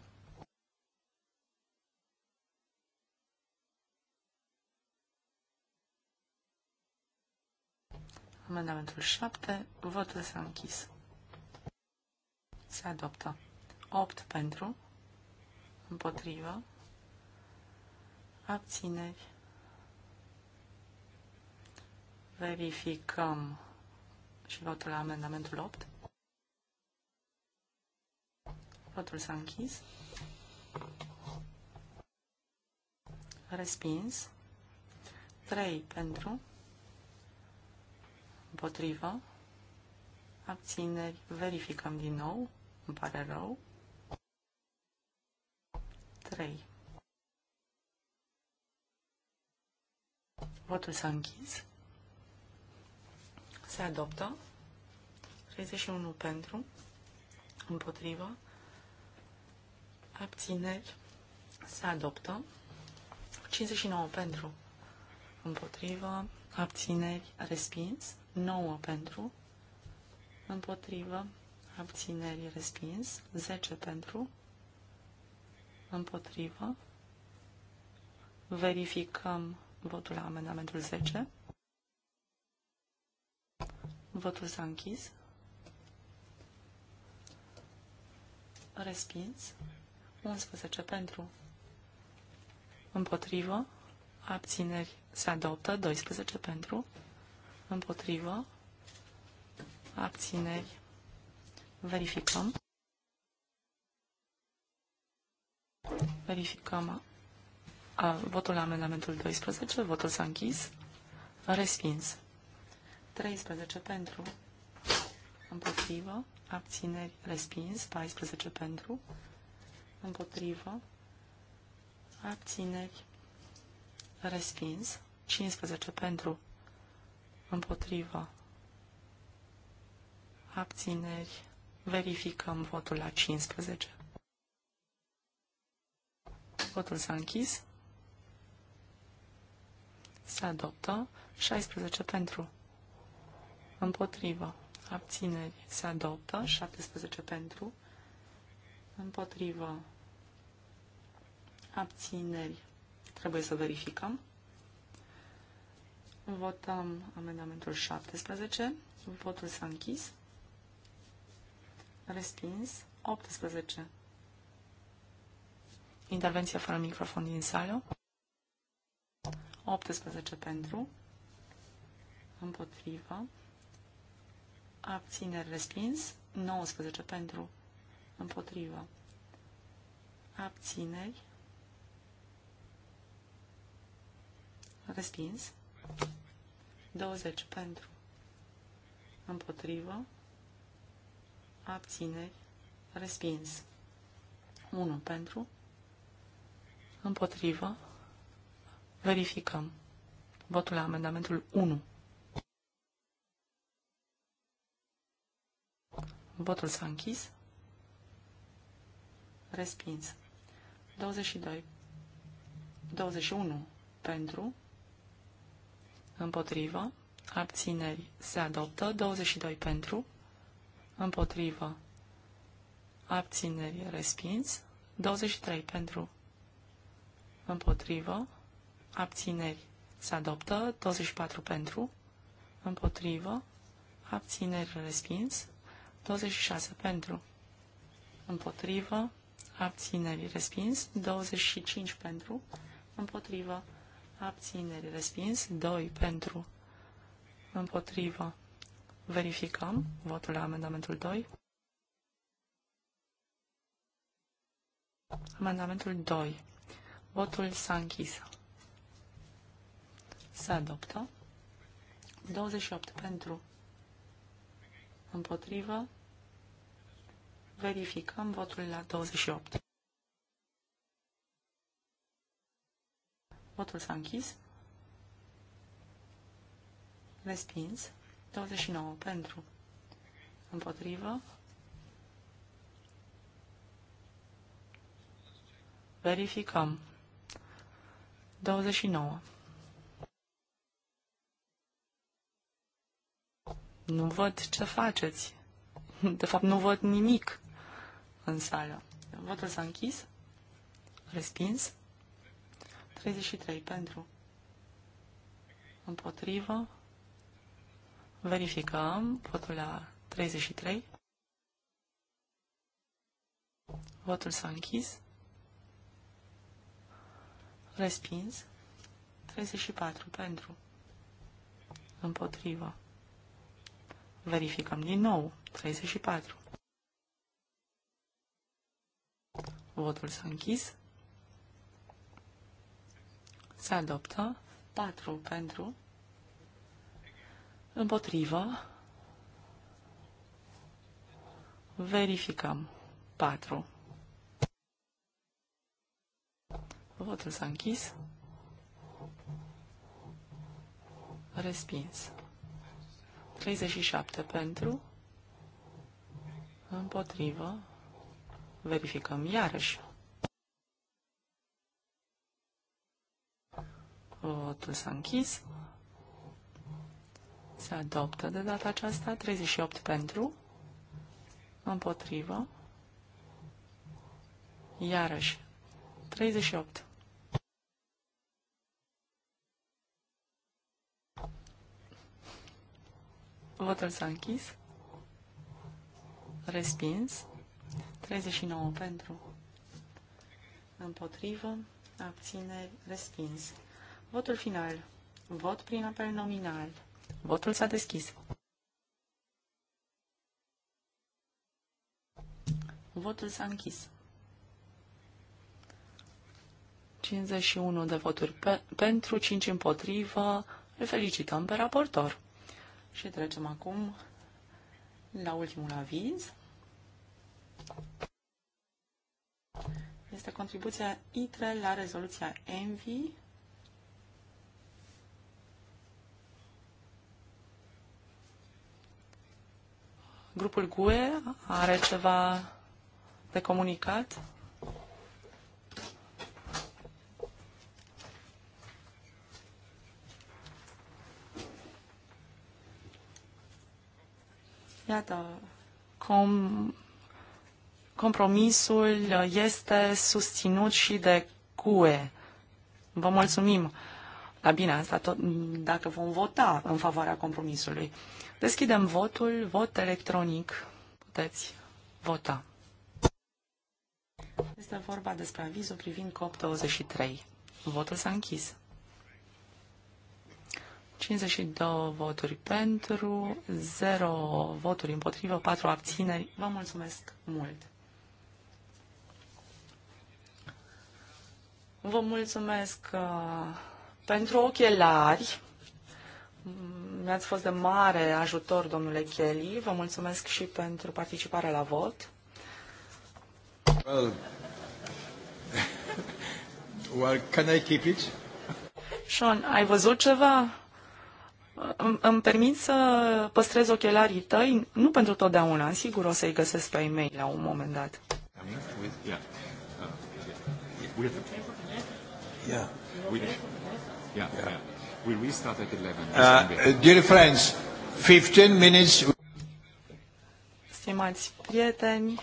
Speaker 1: Amendamentul 7. Votul s-a închis. Se adoptă. 8 pentru. Împotrivă. Abțineri. Verificăm și votul la amendamentul 8. Votul s-a închis. Respins. 3 pentru. Împotrivă. Abțineri. Verificăm din nou. Îmi pare rău. 3. Votul s-a închis. Se adoptă. 31 pentru. Împotrivă. Abțineri. Se adoptă. 59 pentru. Împotrivă. Abțineri. Respins. 9 pentru, împotrivă, abțineri respins, 10 pentru, împotrivă, verificăm votul la amendamentul 10, votul s-a închis, respins, 11 pentru, împotrivă, abțineri se adoptă, 12 pentru, împotrivă, abțineri, verificăm. Verificăm a, votul la amendamentul 12, votul s-a închis, respins. 13 pentru, împotrivă, abțineri, respins, 14 pentru, împotrivă, abțineri, respins, 15 pentru, împotrivă, abțineri, verificăm votul la 15. Votul s-a închis. Se adoptă 16 pentru, împotrivă, abțineri, se adoptă 17 pentru, împotrivă, abțineri, trebuie să verificăm. Votăm amendamentul 17. Votul s-a închis. Respins. 18. Intervenția fără microfon din sală. 18 pentru. Împotrivă. Abțineri respins. 19 pentru. Împotrivă. Abțineri. Respins. 20 pentru, împotrivă, abțineri, respins. 1 pentru, împotrivă, verificăm. Votul la amendamentul 1. Votul s-a închis. Respins. 22. 21 pentru, împotrivă, abțineri se adoptă, 22 pentru, împotrivă, abțineri respins, 23 pentru, împotrivă, abțineri se adoptă, 24 pentru, împotrivă, abțineri respins, 26 pentru, împotrivă, abțineri respins, 25 pentru, împotrivă, abțineri, respins, 2 pentru, împotrivă, verificăm votul la amendamentul 2. Amendamentul 2. Votul s-a închis. Se adoptă. 28 pentru. Împotrivă. Verificăm votul la 28. Votul s-a închis. Respins. 29 pentru. Împotrivă. Verificăm. 29. Nu văd ce faceți. De fapt, nu văd nimic în sală. Votul s-a închis. Respins. 33 pentru. Împotrivă. Verificăm votul la 33. Votul s-a închis. Respins. 34 pentru. Împotrivă. Verificăm din nou. 34. Votul s-a închis se adoptă. 4 pentru, împotrivă, verificăm. 4. Votul s-a închis. Respins. 37 pentru, împotrivă, verificăm iarăși. Votul s-a închis. Se adoptă de data aceasta 38 pentru, împotrivă, iarăși 38. Votul s-a închis. Respins. 39 pentru. Împotrivă. Abțineri. Respins. Votul final. Vot prin apel nominal. Votul s-a deschis. Votul s-a închis. 51 de voturi pe, pentru, 5 împotrivă. Îl felicităm pe raportor. Și trecem acum la ultimul aviz. Este contribuția ITRE la rezoluția ENVI Grupul GUE are ceva de comunicat? Iată, com, compromisul este susținut și de CUE. Vă mulțumim! Dar bine, asta tot dacă vom vota în favoarea compromisului. Deschidem votul, vot electronic. Puteți vota. Este vorba despre avizul privind COP23. Votul s-a închis. 52 voturi pentru, 0 voturi împotrivă, 4 abțineri. Vă mulțumesc mult! Vă mulțumesc! Uh pentru ochelari. Mi-ați fost de mare ajutor, domnule Kelly. Vă mulțumesc și pentru participarea la vot.
Speaker 3: Well, (laughs) well can I keep it?
Speaker 1: Sean, ai văzut ceva? Îmi, permit să păstrez ochelarii tăi, nu pentru totdeauna, sigur o să-i găsesc pe e-mail la un moment dat. Yeah, uh, Yeah. Yeah, yeah. We restart at 11. Uh, dear friends, 15 minutes. Stimați prieteni,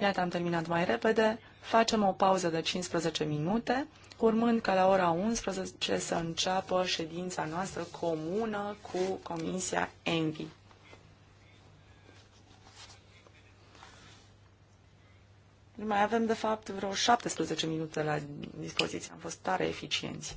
Speaker 1: iată am terminat mai repede. Facem o pauză de 15 minute, urmând ca la ora 11 să înceapă ședința noastră comună cu Comisia ENVI. Mai avem, de fapt, vreo 17 minute la dispoziție. Am fost tare eficienți.